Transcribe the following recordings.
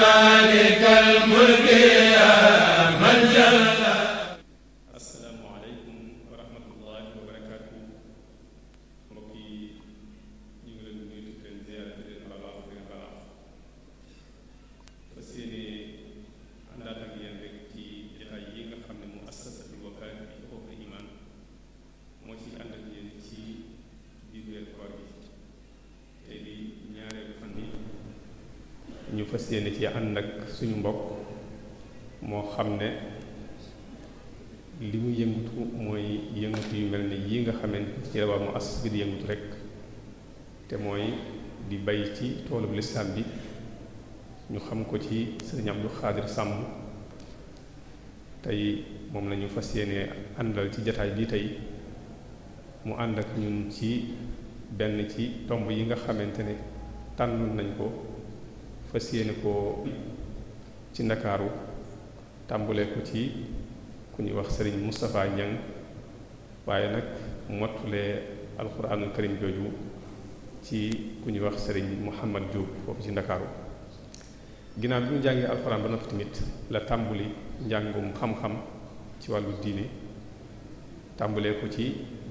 Jamal Xaadir Sàmb tey moom lañu fas yéene àndal ci jataay bi tey mu ànd ak ñun ci benn ci tomb yi nga xamante ne tànn nañ ko fas yéene ko ci ndakaaru tàmbulee ci ku ñuy wax sëriñ Moustapha Niang waaye nag mottulee alxuraanul karim jooju ci ku ñuy wax sëriñ Mouhamad Diop foofu ci ndakaaru ginnaaw bi mu jàngee alxuraan ba noppi tamit la tàmbuli njàngum xam-xam ci wàllu diine tàmbulee ko ci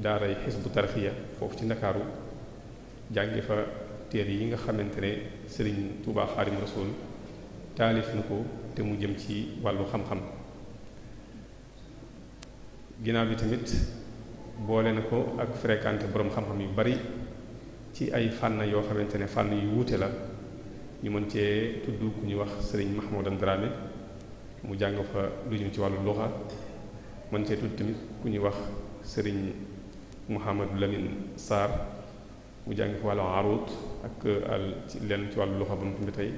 daaray xisbu tarxiya foofu ci ndakaaru jàngi fa téer yi nga xamante ne sëriñ Tuubaa Xaadim Rasuul taalif na ko te mu jëm ci wàllu xam-xam ginnaaw bi tamit boole na ko ak fréquenté boroom xam-xam yu bari ci ay fànn yoo xamante ne fànn yu wuute la ñu mën cee tudd ku ñuy wax sëriñ Mahmoudan Dramé mu jàng fa lu jëm ci wàllu luxa mën cee tudd tamit ku ñuy wax sëriñ Mouhamadou Lamine Sarr mu jàng fa wàllu arut ak al ci lenn ci wàllu luxa ba mu tudd tey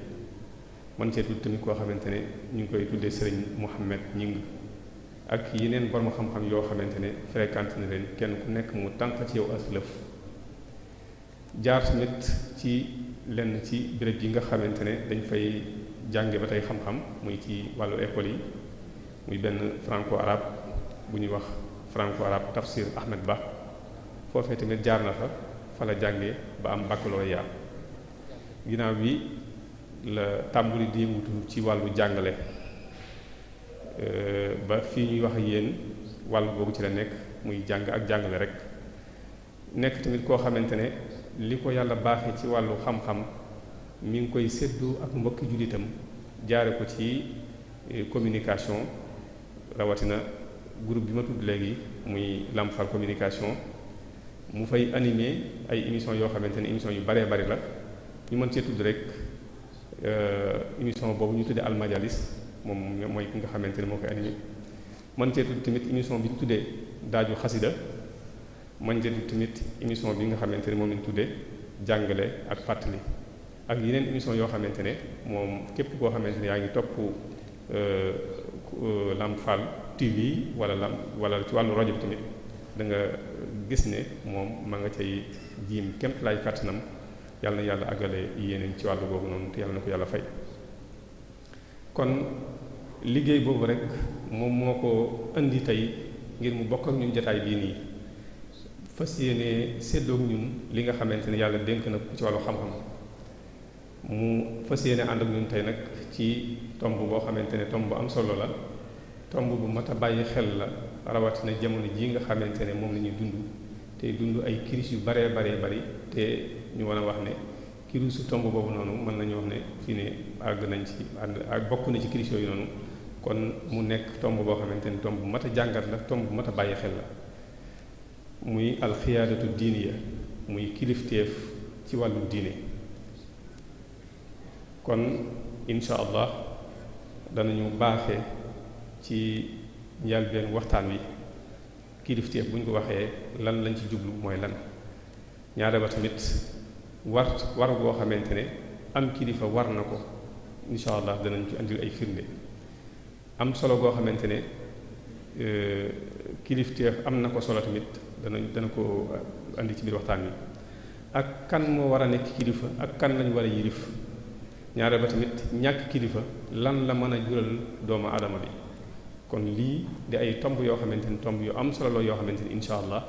mën cee tudd tamit koo xamante ne ñu ngi koy tuddee sëriñ Mouhamed Ñing ak yeneen borom xam-xam yoo xamante ne fréquente na leen kenn ku nekk mu tànq ci yow aslëf jaar tamit ci lenn ci béréb yi nga xamante ne dañ fay jànge ba tey xam-xam muy ci wàllu école yi muy benn franco arabe bu ñuy wax franco arabe tafsir Ahmed Ba foofee tamit jaar na fa fa la jànge ba am baccalauréat ginnaaw bi la tàmbali di ci wàllu jàngale euh, ba fii ñuy wax yéen wàllu boobu ci la nekk muy jàng ak jàngale rek nekk tamit koo xamante ne li ko yàlla baax baaxee ci wàllu xam-xam mi ngi koy séddu ak mbokki jullitam jaare ko ci eh, communication rawatina groupe bi ma tudd léegi muy Lamfal communication mu fay animer ay émission yoo xamante ne émission yu baree bari la ñu mën cee tudd rek eh, émission boobu ñu tuddee almajalis moom mooy ki nga xamante ne moo koy animer mën cee tudd tamit émission bi ñu tuddee daaju xasida man njëriñ tamit émission bi nga xamante ne moom lañ tuddee jàngale ak fàttali ak yeneen émission yoo xamante ne moom képp koo xamante ne yaa ngi topp euh, Lamp Fall TV wala lam wala ci wàllu rajo bi tamit da nga gis ne moom ma nga cay jiim kémt lay kàttanam yàlla na yàlla àggale yéeneen ci wàllu boobu noonu te yàlla na ko yàlla fay kon liggéey boobu rek moom moo ko indi tey ngir mu bokk ak ñun jataay bii nii fas yéenee séddoog ñun li nga xamante ne yàlla dénk na ku ci wàllu xam-xam mu fas yéene ànd ak ñun tey nag ci tomb boo xamante ne tomb bu am solo la tomb bu mat a bàyyi xel la rawatina jamono jii nga xamante ne moom la ñuy dund te dund ay crise yu baree baree bari te ñu mën a wax ne crise tomb boobu noonu mën nañu wax ne fii ne nañ ci àgg bokk na ci crise yooyu noonu kon mu nekk tomb boo xamante ne tomb bu mat a jàngat la tomb bu mat a bàyyi xel la muy alxiyaadatu diiniya muy kilifteef ci wàllu diine kon incha allah danañu baaxe ci njëlbeen waxtaan wi kilifteef bu ñu ko waxee lan lañ ci jublu mooy lan ñaare ba tamit war goo xamante ne am kilifa war na ko incha allah danañ ci andil ay firnde am solo goo xamante ne euh, kilifteef am na ko solo tamit dana dana ko indi ci biir waxtaan wi ak kan moo war a nekk kilifa ak kan lañ war a yilif ñaare ba tamit ñàkk kilifa lan la mën a jural doomu aadama bi kon lii di ay tomb yoo xamante ni tomb yu am solo yoo xamante ni incha allah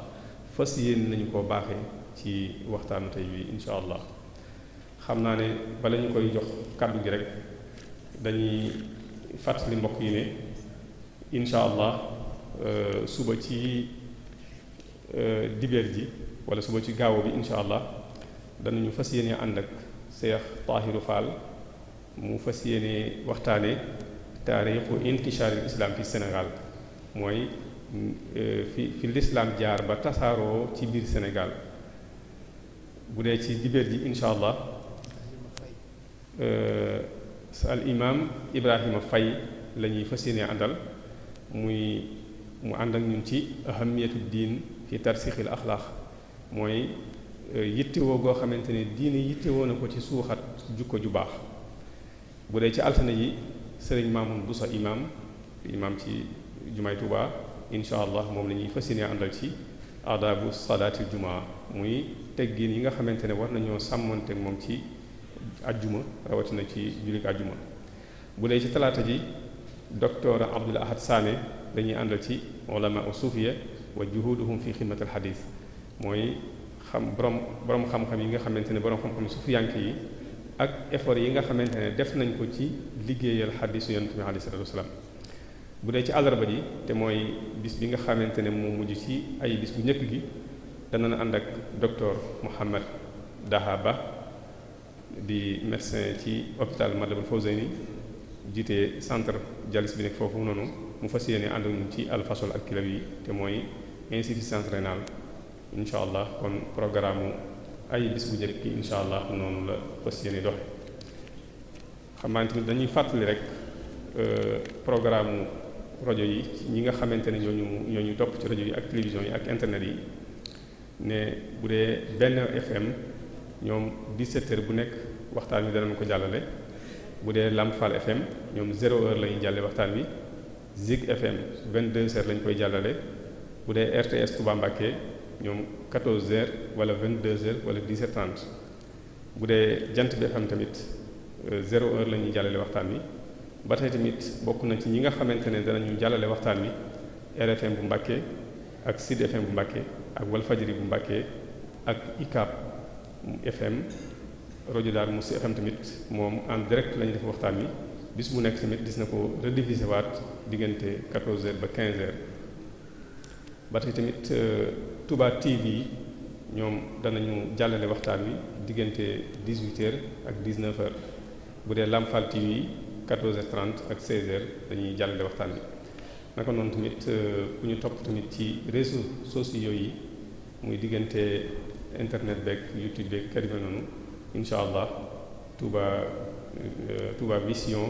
fas yéen nañu ko baaxee ci waxtaanu tey wi incha allah xam naa ne bala ñu koy jox kàddu gi rek dañuy fàttali mbokk yi ne incha allah euh, suba ci. Euh, dibeer ji wala suba ci gaaw bi incha allah danañu fas yéene ànd ak seex Taahiru Fall mu fas yéene waxtaane taarixu intishaaril islam fi Sénégal mooy euh, fi fi l'islam jaar ba tasaaroo ci biir senegal bu dee ci dibeer ji incha allah euh, al imam Ibrahima Faye la fas yéene àndal muy mu ànd ak ñun ci ahamiyatu diin ci tarsixil axlaax mooy euh, yittewoo goo xamante ni diine yittewoo na ko ci suuxat jukko ju baax bu dee ci altine yi sëriñ Maamun Busa imaam imam ci jumaay Tuubaa incha allah moom lañuy ñuy fas yéene àndal ci adabu salaatil jumaa muy teggiin yi nga xamante ne war nañoo sàmmante moom ci ajjuma rawatina ci jullit ajjuma bu dee ci talaata ji docteur Abdul Ahad Saame dañuy àndal ci ulama u suufiya wa juhuduhum fi xidmat al xadis mooy xam borom borom xam-xam yi nga xamante ne borom xam-xam sufiyank yi ak effort yi nga xamante ne def nañ ko ci liggéeyal xadisu yonent bi alayhi salaatu wasalaam bu dee ci àllarba ji te mooy bis bi nga xamante ne moo mujj ci ay bis bu njëkk gi danañ ànd ak docteur Mouhamed Daha Ba di médecin ci hôpital Matlaboul Fawzayni jiite centre dialyse bi nekk foofu noonu mu fas yéene ànd ci alfasol ak kilab yi te mooy insuffisance rénale incha allah kon programme ay bis bu njëkk bi incha allah noonu la fas yéene doxe xamante ni dañuy fàttali rek euh, programme rajo yi ñi nga xamante ne ñooñu ñooñu topp ci rajo yi ak télévision yi ak internet yi ne bu dee benn FM ñoom 17 heures bu nekk waxtaan wi danañ ko jàllale bu dee Lamp Fall FM ñoom 0 heure la ñuy jàlle waxtaan wi Zig FM 22 heures lañ koy jàllale. bu dee RTS Touba Mbacké ñoom 14h wala 22h wala 17h30 bu dee jant bi xam tamit 0h euh, la ñuy jàllale waxtaan wi ba tey tamit bokk nañ ci ñi nga xamante ne danañu jàllale waxtaan wi RFM bu Mbacké ak Sud FM bu Mbacké ak Walfajri bu Mbacké ak ICAP FM rajo Darou Moukhty FM tamit moom en direct la ñuy def waxtaan wi bis bu nekk tamit gis na ko rediffuser waat diggante 14h ba 15h. ba tey tamit euh, Touba TV ñoom danañu jàllale waxtaan wi diggante 18h ak 19h bu dee Lamfal TV 14 h ak 16h dañuy jàllale waxtaan bi naka noonu tamit euh, ku ñu topp tamit ci réseaux sociaux yi muy diggante internet beeg YouTube beeg kër yi noonu incha allah Touba euh, Touba Vision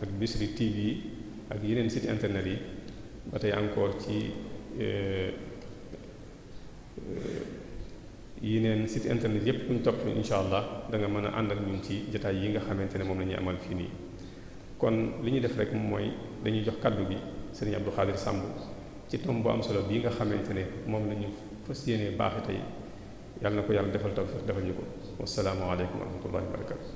ak Bichri TV ak yeneen site internet yi ba tey encore ci. E, e, yeneen site internet yëpp buñ topp incha allah danga mën a ànd ak ñun ci jotaay yi nga xamante ne moom la ñuy amal fii nii kon li ñuy def rek mooy dañuy jox kaddu bi sëriñ Abdou Khadir Samb ci tomb boo am solo bii nga xamante ne moom la ñu fas yéenee baaxe tey yàlla na ko yàlla defal tawfiq defal ñu ko wasalaamualeykum wa rahmatullahi wa barakatu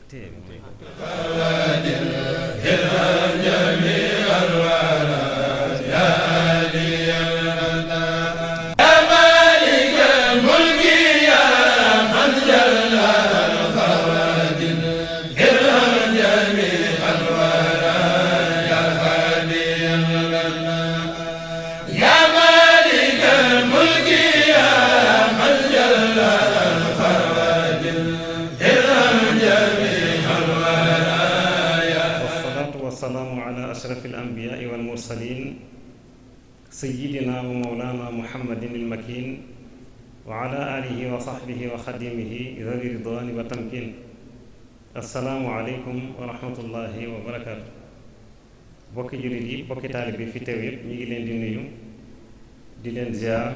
téye sayyidina wa mawlana muhammadin ilmakin wa ala alihi wa sahbihi wa xadimihi zawi ridwani wa tamkin assalaamu aleykum wa rahmatullahi wa barakaatu bokki jullit yi bokki taalib bi fi teew yépp ñu ngi leen di nuyu di leen ziar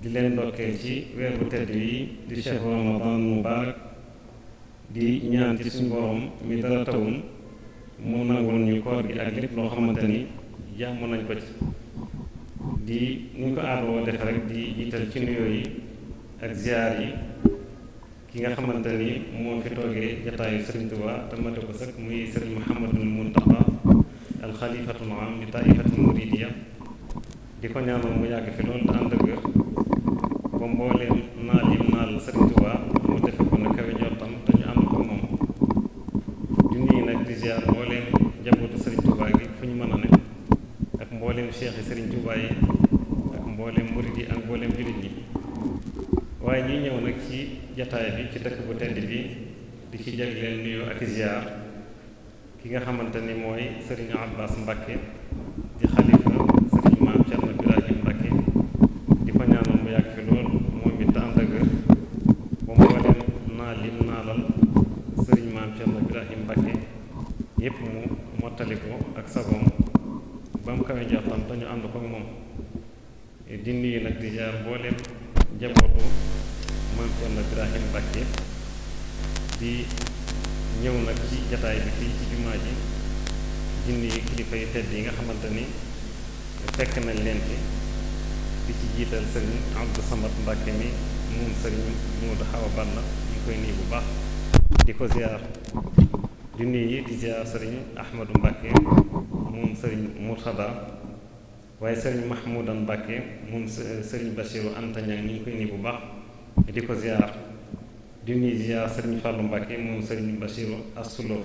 di leen ndokkeel ci weer bu tedd yi di shahru ramadan mubarak di ñaan ci borom mi dara tawun mu nangul ñu koor gi ak loo xamante ni jàmm nañ ko ci di ni ñu ko aadoo defe rek di jiital ci nuyoo yi ak ziar yi ki nga xamante ni moo fi toogee jataayu Sëriñ Tuubaa te mate ko sëkk muy Sëriñ Muhammadul Muntaqa alxalifatul am di taifatul muridiya di ko mu yàgg fi loolu te ànd ak wér ba mbooleem naal yi naal Sëriñ Tuubaa mu defe ko na kawe njortam te ñu ànd ko moom di nag di ziar mbooleem njabootu Sëriñ Tuubaa gi fu ñu mën a ne mbooleem cheikh yi sëriñ Tuubaa yi ak mbooleem murid yi ñëw ci jataay ci dëkk bu tedd bi di ci jagleel nga xamante ni mooy sëriñ Abbas Mbàkke di xalifa sëriñ maam na Birahim Mbàkke di ko mu yàgg lool moom it ànd ak ba mbooleem yépp mu mottali ak sagoom bam mu kawe jàppam dañu ànd ko moom di nuyu nag di jaar mbooleem jabootu maam Cerno Birahim Mbàkke di ñëw nag ci jataay bi fii ci jumaa ji di nuyu kilifa yu tedd yi nga xamante ni fekk nañ leen fi di ci jiital sëriñ Abdu Samad Mbàkke mi moom sëriñ Muudu Xawa Balla ñu koy nuyu bu baax di ko ziar di nuyu di ziar sëriñ Ahmadu Mbàkke moom sëriñ Murtada waaye sëriñ Mahmoudan Mbàkke moom sëriñ Bachiru Anta Ñaŋ ñu ngi bu baax di ko ziar di nuyu ziar sëriñ Fàllu Mbàkke moom sëriñ Bachiru Assulo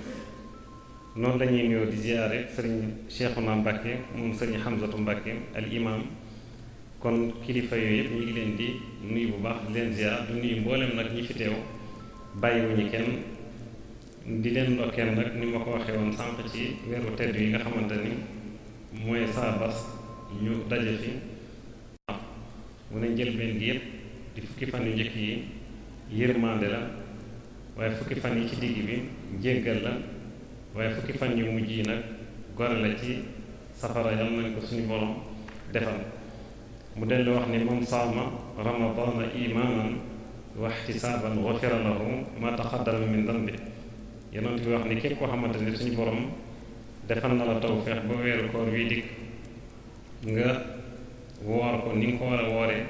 noonu lañuy nuyoo di ziare sëriñ Cheikhuna Mbàkke moom sëriñ Hamzatu Mbàkke al imam kon kilifa yooyu yëpp ñu leen di nuyu bu baax di leen ziar di nuyu mboolem nag ñi fi teew bàyyiwuñu kenn di leen ndokkeel nag ni ma ko waxee woon sànq ci weeru tedd yi nga xamante ni mooy saabas ñu daje fi mu ne njëlbeen gi yépp di fukki fan yu njëkk yi yërmande la waaye fukki fan yi ci digg bi jéggal la waaye fukki fan yi mujj yi nag gore la ci safara yal nañ ko suñu borom defal mu dellu wax ni man saama ci imaanan wa ihtisaaban ghufira lahu ma taqaddama min dambi yonent bi wax ne képp koo xamante ne suñu borom defal na la taw feex ba weeru koor wii dikk nga woor ko ni nga ko war a wooree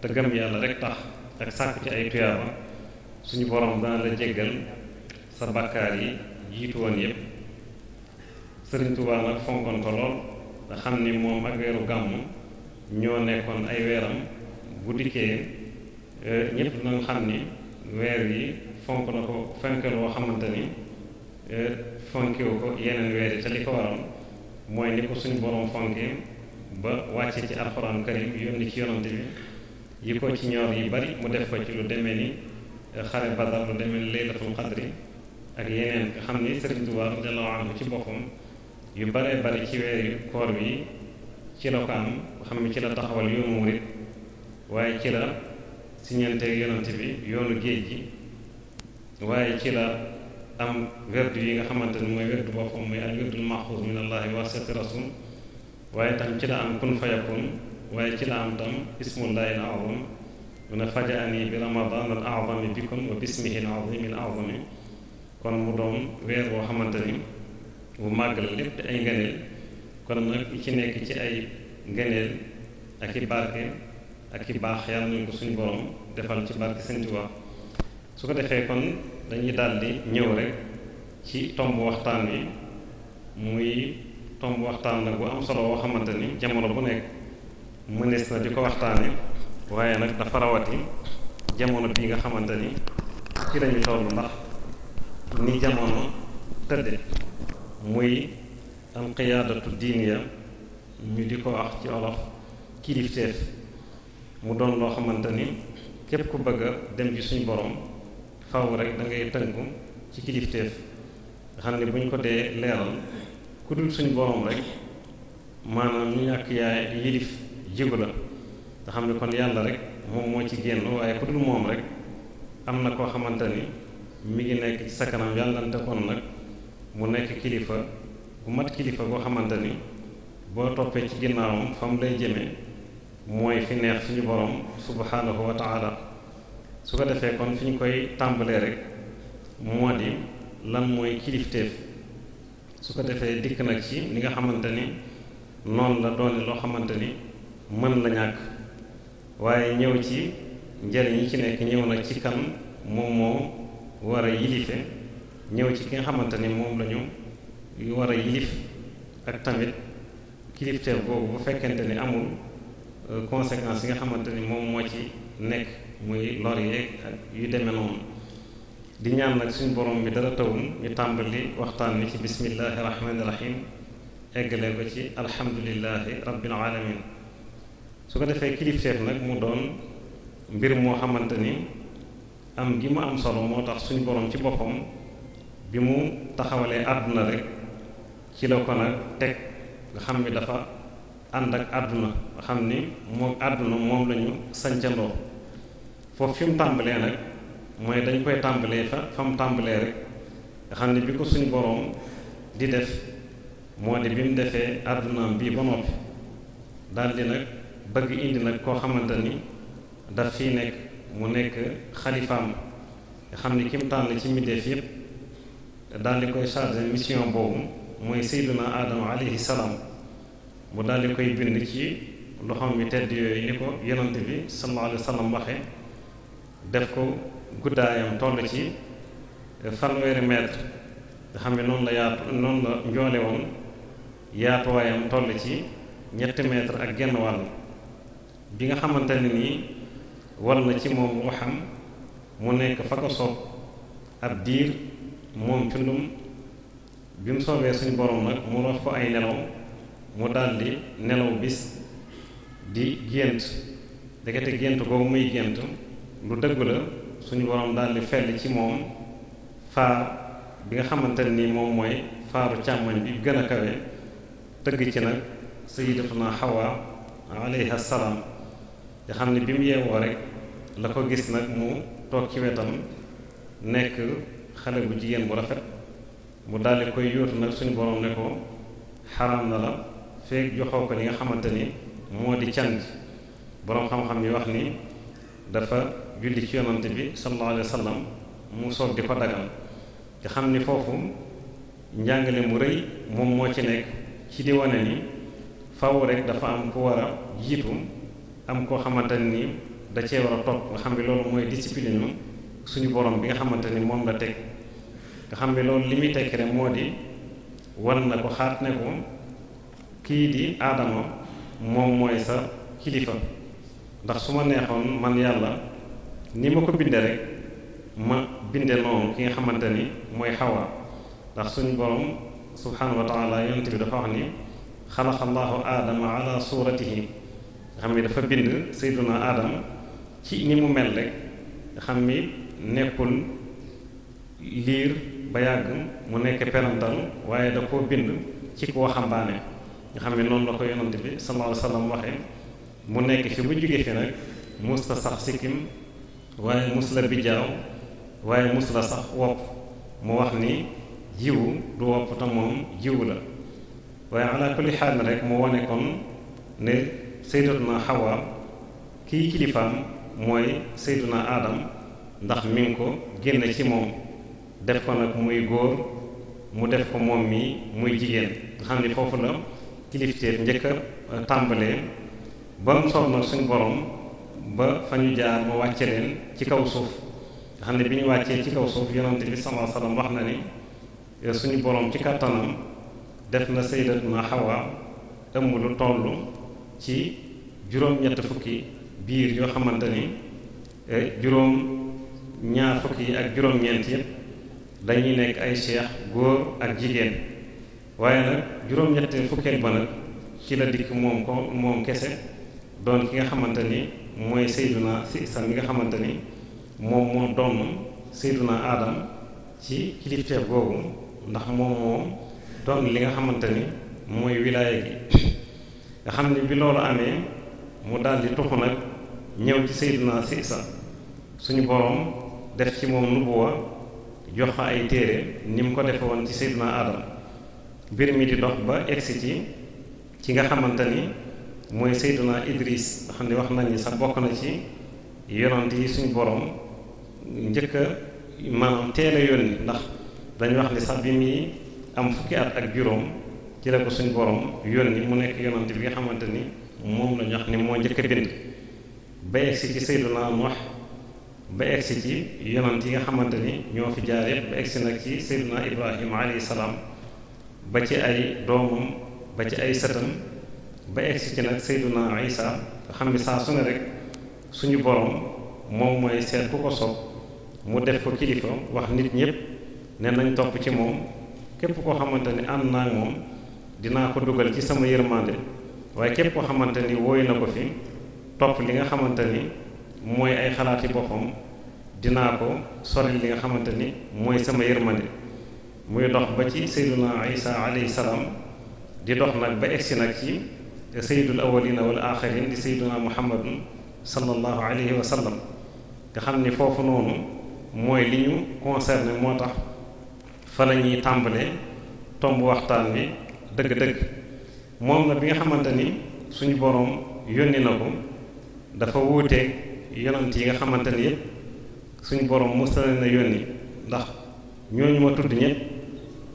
te gëm yàlla rek tax ak sàkk ci ay tuyaaba suñu borom dana la jéggal sa bakkaar yi jiitu woon yépp sëriñ Tuubaa nag fonkoon ko lool xam ni moom ak weeru gàmmu ñoo nekkoon ay weeram bu dikkee eh, ñépp nañ xam ni weer yi fonk na ko fenk loo xamante ni fonkewu ko yeneen weer yi te li ko waroon mooy ni ko suñu borom fonkee ba wàcce ci alxuraan karim yónni ci yonante bi yi ko ci ñor yi bari mu def ko ci lu demee ni xare badar lu demee ni laylatul qadri ak yeneen nga xam ni Sëriñ Tuubaa radiyallaahu ci boppam yu baree bari ci weeri koor bi ci la ko am xam ne ci la taxawal yoonu murit waaye ci la siñanteeg yonante bi yoonu géej gi waaye ci la am werdu yi nga xamante ne mooy werdu boppam muy al werdul maxuus min allahi wa sati rasul waaye tam ci la am kun fayakun waaye ci la am tam ismullahi al azam mun a fajaani bi ramadan al azami bikum wa bismihi al azimi al azami kon mu doon weer woo ni bu màgg la lépp ay ngëneel kon nag ci nekk ci ay ngëneel ak i barke ak i baax yàlla nañ ko borom defal ci barke seen Tuubaa su ko defee kon dañuy daldi ñëw rek ci tomb waxtaan wi muy tomb waxtaan la bu am solo boo xamante ni jamono bu nekk mënees na di ko waxtaane waaye nag dafa rawati jamono bii nga xamante ni ci lañu toll ndax ni jamono tëdde muy alqiyaadatu diiniya ñu di ko wax ci olof kilifteef mu doon loo xamante ni képp ku bëgg a dem ci suñu boroom faw rek da ngay tënku ci kilifteef nga xam ne bu ñu ko dee leeral ku dul suñ borom rek maanaam ñu ñàkk yaay yilif jigu la nga xam ne kon yàlla rek moom moo ci génn waaye ku moom rek am na koo xamante ni mi ngi nekk ci sa kanam yàllante kon nag mu nekk kilifa bu mat kilifa koo xamante ni boo toppee ci ginnaawam fa mu lay jëmee mooy fi neex suñu borom subhanahu ko taala su ko defee kon fi ñu koy tàmbalee rek moo di lan mooy kilifteef su ko defee dikk nag ci li nga xamante ni noonu la doone loo xamante ni mën la ñàkk waaye ñëw ci njariñ yi ci nekk ñëw nag ci kan moom moo war a yilife ñëw ci ki nga xamante ni moom la ñu war a yilif ak tamit kilifteef boobu bu fekkente ni amul euh, conséquence yi nga xamante ni moom moo ci nekk muy lor ak yu demee noonu di ñaan nag suñu borom bi dara tawum ñu tàmbali waxtaan wi ci bismillahi rahmaani rahim eggalee ko ci alhamdulilahi rabbil alamin su ko defee kilifteef nag mu doon mbir moo xamante ni am gi mu am solo moo tax suñu boroom ci boppam bi mu taxawalee àdduna rek ci la ko nag teg nga xam ni dafa ànd ak àdduna nga xam ni moom àdduna moom lañu sancandoo foofu fi tàmbalee nag mooy dañ koy tàmbalee fa fa tàmbalee rek nga xam ne bi ko suñu boroom di def moo di bi mu defee àddunaam bii ba noppi daldi nag bëgg indi nag koo xamante ni daf fiy nekk mu nekk xalifaam nga xam ne ki mu tànn ci mbindeef yépp daldi koy chargé mission boobu mooy seyduna aadama alayhi salaam mu daldi koy bind ci loxoom yu tedd yooyu ni ko yonante bi sallallahu alayhi wa waxe def ko guddaayam toll ci fanweeri mètre nga xam ne noonu la yaatu noonu la njoole woon yaatuwaayam toll ci ñetti mètre ak genn wàll bi nga xamante ne nii war na ci moom mu xam mu nekk fa ko soob ab diir moom cundum bi mu soobee suñu borom nag mu rox ko ay nelaw mu daldi nelaw bis di gént ndekete gént googu muy gént lu dëgg la suñu borom daal di ci moom faar bi nga xamante ne nii moom mooy faaru càmmoñ bi gën a kawe tëgg ci nag sayyidatuna Hawa alayha salaam nga xam ne bi mu yeewoo rek la ko gis nag mu toog ci wetam nekk xale bu jigéen bu rafet mu daal koy yóotu nag suñu borom ne ko xaraam na la feeg joxoo ko li nga xamante ni moo di can borom xam-xam yi wax ni dafa. julli ci yonante bi sallallahu alayhi wa sallam mu soog di ko dagal te xam ni foofu njàngale mu rëy moom moo ci nekk ci di wane ni faw rek dafa am ku war a jiitu am koo xamante ni da cee war a topp nga xam ne loolu mooy discipline suñu borom bi nga xamante ni moom la teg nga xam ne loolu li muy tekk moo di wan na ko xaat ne ko kii di aadama moom mooy sa kilifa ndax su ma neexoon man yàlla ni ma ko bindee rek ma binde noonu ki nga xamante ni mooy xawaa ndax suñu borom subhaanahu wa taala bi dafa wax ni xalaqa allahu aadama ala suratihi nga xam ni dafa bind sayyiduna aadam ci ni mu mel rek nga xam ni nekkul liir ba yàgg mu nekk perantal waaye da koo bind ci koo xambaane nga xam ne noonu la ko yonent bi sallallahu alayhi waxee mu nekk fi bu jógee fi nag musta sax sikkim waaye mus la bijaaw waaye mus sax wopp mu wax ni jiwu du wopp te jiwu la waaye ala kulli xaal na rek mu wane kon ne sayyidatuna Hawa kii kilifaam mooy sayyiduna Adam ndax mi ko génne ci moom def ko nag muy góor mu def ko moom mi muy jigéen nga xam ni foofu la kilifteef njëkk a tàmbalee ba mu soog nag suñu ba fa ñu jaar ba wàcce leen ci kaw suuf xam ne bi ñu wàccee ci kaw suuf yonante bi sallallahu alayhi wax na ne suñu borom ci kattanam def na sayyidatuna Hawa ëmb lu toll ci juróom-ñett fukki biir yoo xamante ni e, juróom ñaar fukki ak juróom-ñeent yépp dañuy nekk ay seex góor ak jigéen waaye nag juróom-ñett fukkeel ba nag ci la dikk moom ko moom kese doon ki nga xamante ni mooy sayduna si isa mi nga xamante ni moom moo doon sayduna aadam ci kilifteef googu ndax moom moo doon li nga xamante ni mooy wilaaya gi nga xam ne bi loolu amee mu daldi tuxu nag ñëw ci sayduna si isa suñu boroom def ci moom nubuwa jox ay téere ni mu ko defe woon ci sayduna aadam mbir mi di dox ba egsi ci ci nga xamante ni mooy Seydina Idris nga xam ne wax nañ sax bokk na ci yonant yi suñ boroom njëkk a maanaam teel yónni ndax dañu wax ni sax bi muy am fukki at ak juróom ci la ko suñu borom yónni mu nekk yonant bi nga xamante ni moom lañu wax ni moo njëkk a bind ba egsi ci Seydina Nuux ba egsi ci yonant yi nga xamante ni ñoo fi jaar yépp ba egsi nag ci Seydina Ibrahima alayhi salaam ba ci ay doomam ba ci ay sëtam ba egsi ci nag Seyduna Isa nga xam ne saa su ne rek suñu borom moom mooy seet ku ko soob mu def ko kilifa wax nit ñëpp ne nañ topp ci moom képp koo xamante ni ànd naa moom dinaa ko dugal ci sama yërmande waaye képp koo xamante ni wóoy na ko fi topp li nga xamante ni mooy ay xalaati boppam dinaa ko sori li nga xamante ni mooy sama yërmande muy dox ba ci Seyduna Isa alayhi salaam di dox nag ba egsi nag ci di sayyidul awwalina wal aaxirin di sayyiduna muhammadun sallallahu alayhi wa sallam nga xam ni foofu noonu mooy li ñu concerné moo tax fa la ñuy tàmbalee tomb waxtaan bi dëgg-dëgg moom la bi nga xamante ni suñu boroom yónni na ko dafa wuuteeg yonant yi nga xamante ni yépp suñu borom mosale na yónni ndax ñooñu ma tudd ñépp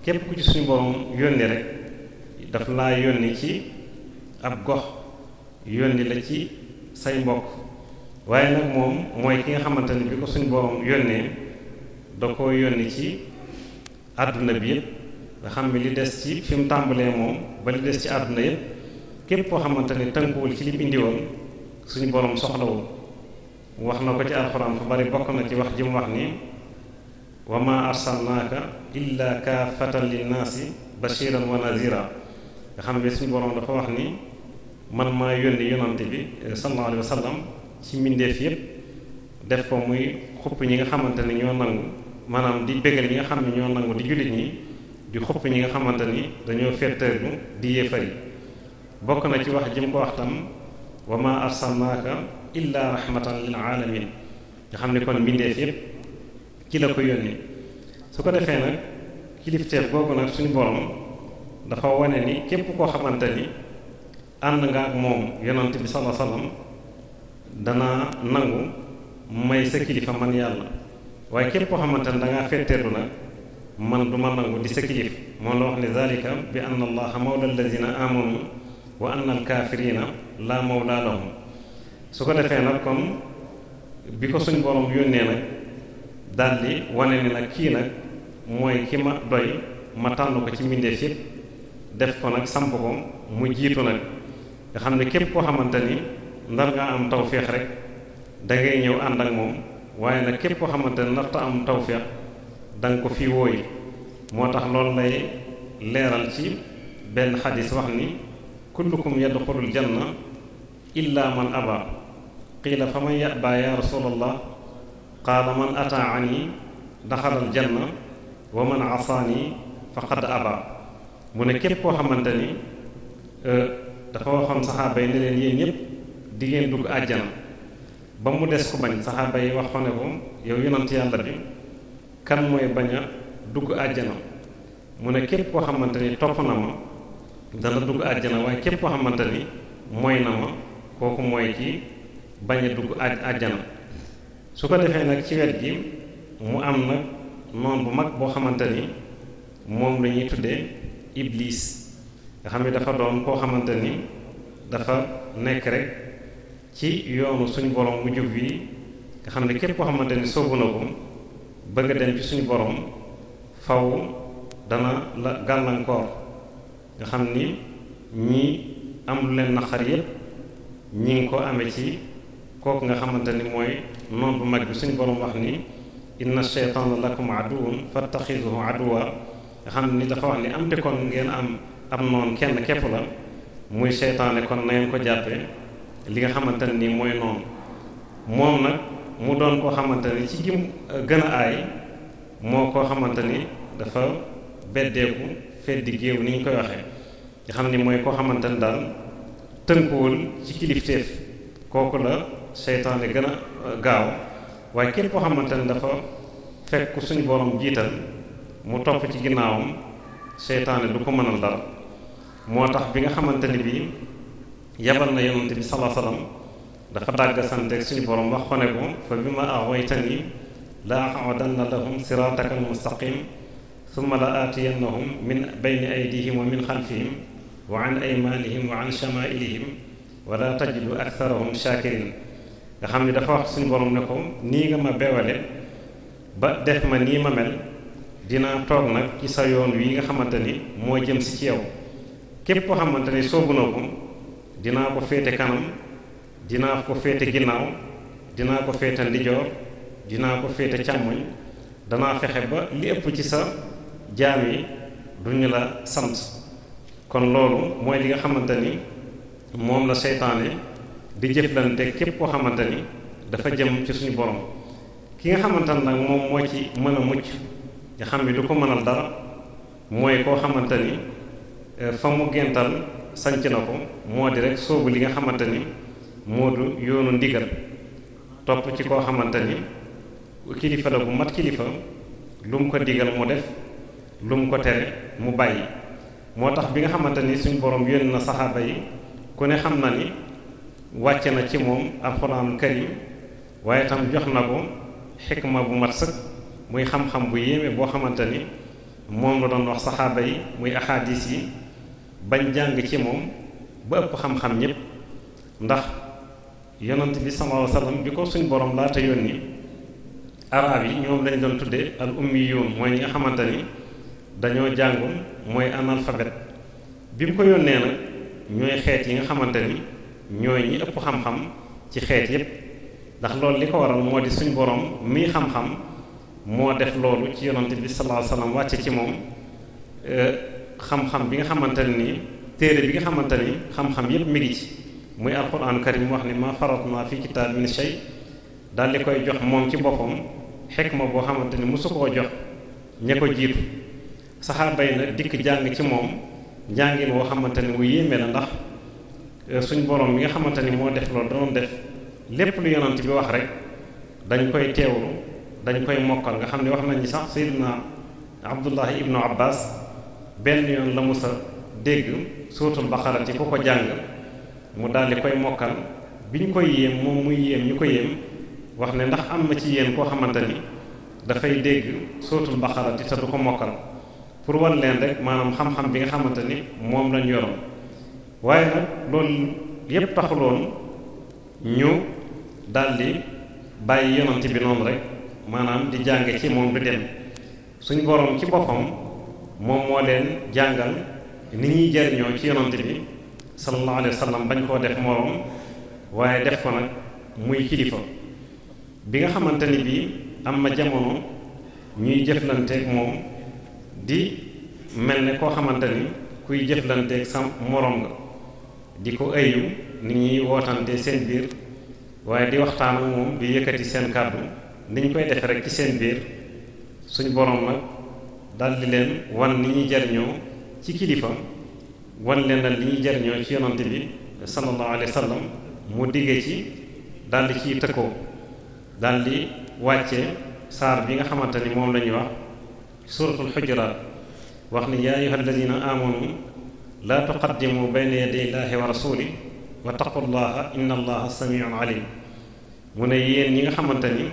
képp ku ci suñu boroom yónni rek daf laa yónni ci ab gox yónni la ci say mbokk waaye nag moom mooy ki nga xamante ne bi ko suñ borom yónnee da koo yónni ci àdduna bi yëpp nga xam ne li des ci fi mu tàmbalee moom ba li des ci àdduna yëpp képp koo xamante ne tënkuwul ci li bindi woon suñu borom soxlawul wax na ko ci alxuraan fu bari bokk na ci wax ji mu wax ni wa ma arsalnaaka illa kaafatan linnaasi bashiran wa nazira nga xam ne suñu borom dafa wax ni man maa yónni yonante bi eh, sallallahu alayhi wa sallam ci mbindeef yépp def ko muy xupp ñi nga xamante ne ñoo nangu maanaam di bégal ñi nga xam ne ñoo nangu di jullit ñi di xupp ñi nga xamante ni dañoo ferteerlu di yéefar yi bokk na ci wax jëm ko wax tam wa ma arsalnaaka illa rahmatan lil alamin nga xam ne kon mbindeef yépp ki la ko yónni su ko defee nag kilifteef googu nag suñ borom dafa wane ni képp koo xamante ni ànd nga ak moom yonent bi sallallahu alayhi wasallam nangu may sa kilifa man yàlla waaye képp koo xamante ne dangaa fetteetu nag man du ma nangu di sa kilif moom la wax ne zalika bi anna allaha mawla alladina amanu wa anna alkafirina la mawla lahum su ko defee nag kon bi ko suñ borom yónnee nag daldi wane ni nag kii nag mooy ki ma doy ma tànn ko ci mbindeef yépp def ko nag samp ko mu jiitu nag nga xam ne képp koo xamante ni ndar nga am tawféex rek da ngay ñëw ànd ak moom waaye nag képp koo xamante ni ndarta am tawféex da nga ko fi wooyi moo tax loolu lay leeral ci benn xadis wax ni ko kullukum jan na illa man aba qiila fa man yaba ya rasulallah qaala man ataani daxalal janna wa man asaani faqad aba mu ne képp koo xamante ni euh, dafa waxoon saxaaba yi ne leen yéen ñëpp dugg àjjana ba mu des ko bañ saxaaba yi waxoon ne ko yow yonant yàlla bi kan mooy bañ a dugg àjjana mu ne képp koo xamante ni topp na ma dana dugg àjjana waaye képp koo xamante ni mooy na ma kooku mooy ci bañ a dugg àjjana su ko defee nag ci wet gi mu am nag noon bu mag boo xamante ni moom lañuy ñuy tuddee nga xam ne dafa doon koo xamante ni dafa nekk rek ci yoonu suñu borom bu jub bi nga xam ne képp koo xamante ni sóobu na ko bëgg dem ci suñu borom faw dana la gàllankoor nga xam ni ñi am lu leen naqar yépp ñi ngi ko ame ci kooku nga xamante ni mooy noon bu mag bi suñu borom wax ni inna shaytaana lakum aduwwun fattaxizuhu aduwwa nga xam ni dafa wax ni am te kon ngeen am am noon kenn képp la muy seytaane kon na ngeen ko jàppe li nga xamante ne nii mooy noonu moom nag mu doon koo xamante ni ci gim euh, gën a aay moo koo xamante ni dafa beddeeku feddi koy waxee xam ni mooy koo xamante ni daal tënkuwul ci kilifteef kooku la seytaane gën a euh, gaaw waaye képp koo xamante ni dafa fekk suñu borom jiital mu topp ci ginnaawam seytaane du ko mënal dara moo tax bi nga xamante ni bii yabal na yonent bi salaa salaam dafa dàgg santeeg suñu borom wax ko ne ko bi ma aghwaytani la aq'udanna lahum siratakal mustaqim summa la aatiyannahum min bayni aydihim wa min xalfihim wa an aymanihim wa an shamailihim dafa wax suñu borom ne ko nii nga ma beewale ba def ma nii ma mel dinaa toog nag ci sa yoon wi nga xamante ni moo jëm si ci yow képp koo xamante ne soobu na ko dinaa ko féete kanam dinaa ko féete ginnaaw dinaa ko féete ndijoor dinaa ko féete càmmoñ danaa fexe ba li ëpp ci sa jaam yi duñu la sant kon loolu mooy li nga xamante ni moom la seytaane di jëflante képp koo xamante ni dafa jëm ci suñu borom ki nga xamante ne nag moom moo ci mën a mucc nga xam ni du ko mënal dara mooy koo xamante ni Eh, fa mu géntal sanc na ko moo di rek soobu li nga xamante ni moo du yoonu ndigal topp ci koo xamante ni kilifa la bu mat kilifa lu mu ko digal mu def lu mu ko tere mu bàyyi moo tax bi nga xamante ni suñ borom yónni na saxaaba yi ku ne xam na ni wàcce na ci moom alxuraan karim waaye tam jox na ko xikma bu mat sëkk muy xam-xam bu yéeme boo xamante ni moom la doon wax saxaaba yi muy axaadis yi bañ jàng ci moom ba ëpp xam-xam ñépp ndax yonent bi sallallahu alayhi bi ko suñ borom laata yónni arab yi ñoom lañ doon tuddee al ummiyuun mooy ñi nga xamante ni dañoo jàngul mooy analphabète bi mu ko yónnee nag ñooy xeet yi nga xamante ni ñooy ñi ëpp xam-xam ci xeet yépp ndax loolu li ko waral moo di suñ borom mii xam-xam moo def loolu ci yonante bi sallallahu alayhi wasallam wàcce ci moom euh, xam-xam bi nga xamante ne nii téere bi nga xamante ni xam-xam yépp mi ngi ci muy alquran karim wax ni ma faratna fi kitab min shay daal di koy jox moom ci boppam ma boo xamante ni mosu koo jox ña ko jiitu saxaaba yi nag dikk jàng ci moom njàngin woo xamante ni wu la ndax euh, suñ borom bi nga xamante ni moo def loolu doon def lépp lu yonant bi wax rek dañ koy teewlu dañ koy mokkal nga xam ne wax nañ ni sax sayyidina abdullahi ibnu abbas benn yoon la mu sa dégg suuratul baqara ci ku ko jàng mu daal di koy mokkal bi ñu koy yéem moom muy yéem ñu ko yéem wax ne ndax am na ci yéen koo xamante ni dafay dégg suuratul baqara ci du ko mokkal pour wan leen rek maanaam xam-xam bi nga xamante ni moom lañ yoroon waaye nag loolu yépp taxuloon ñu daldi bàyyi yonent bi noonu rek maanaam di jàng ci moom di dem suñ boroom ci boppam moom moo leen jàngal ni ñuy jariñoo ci yonante bi sallallahu alayhi wa sallam bañ koo def morom waaye def ko nag muy kilifa bi nga xamante ni bii am na jamono ñuy jëflanteeg moom di mel ne koo xamante ni kuy jëflanteeg sa morom nga di ko ayu ni ñuy wootante seen biir waaye di waxtaan ak moom di yëkkati seen kàddu ni ñu koy defe rek ci seen biir suñu borom nag daldi leen wan li ñuy jariñoo ci kilifa wan leen nag li ñuy jariñoo ci yonante bi sallallahu alayhi wa mu diggee ci daldi ciy tëkkoo daldi wàcce saar bi nga xamante ni moom la ñuy wax suratul xujuraat wax ni yaa ayyuhal ladina amanu laa tuqaddimu bayna yaday llaahi wa rasuli wa taqullaha inna allaha samiun alim mu ne yéen ñi nga xamante ni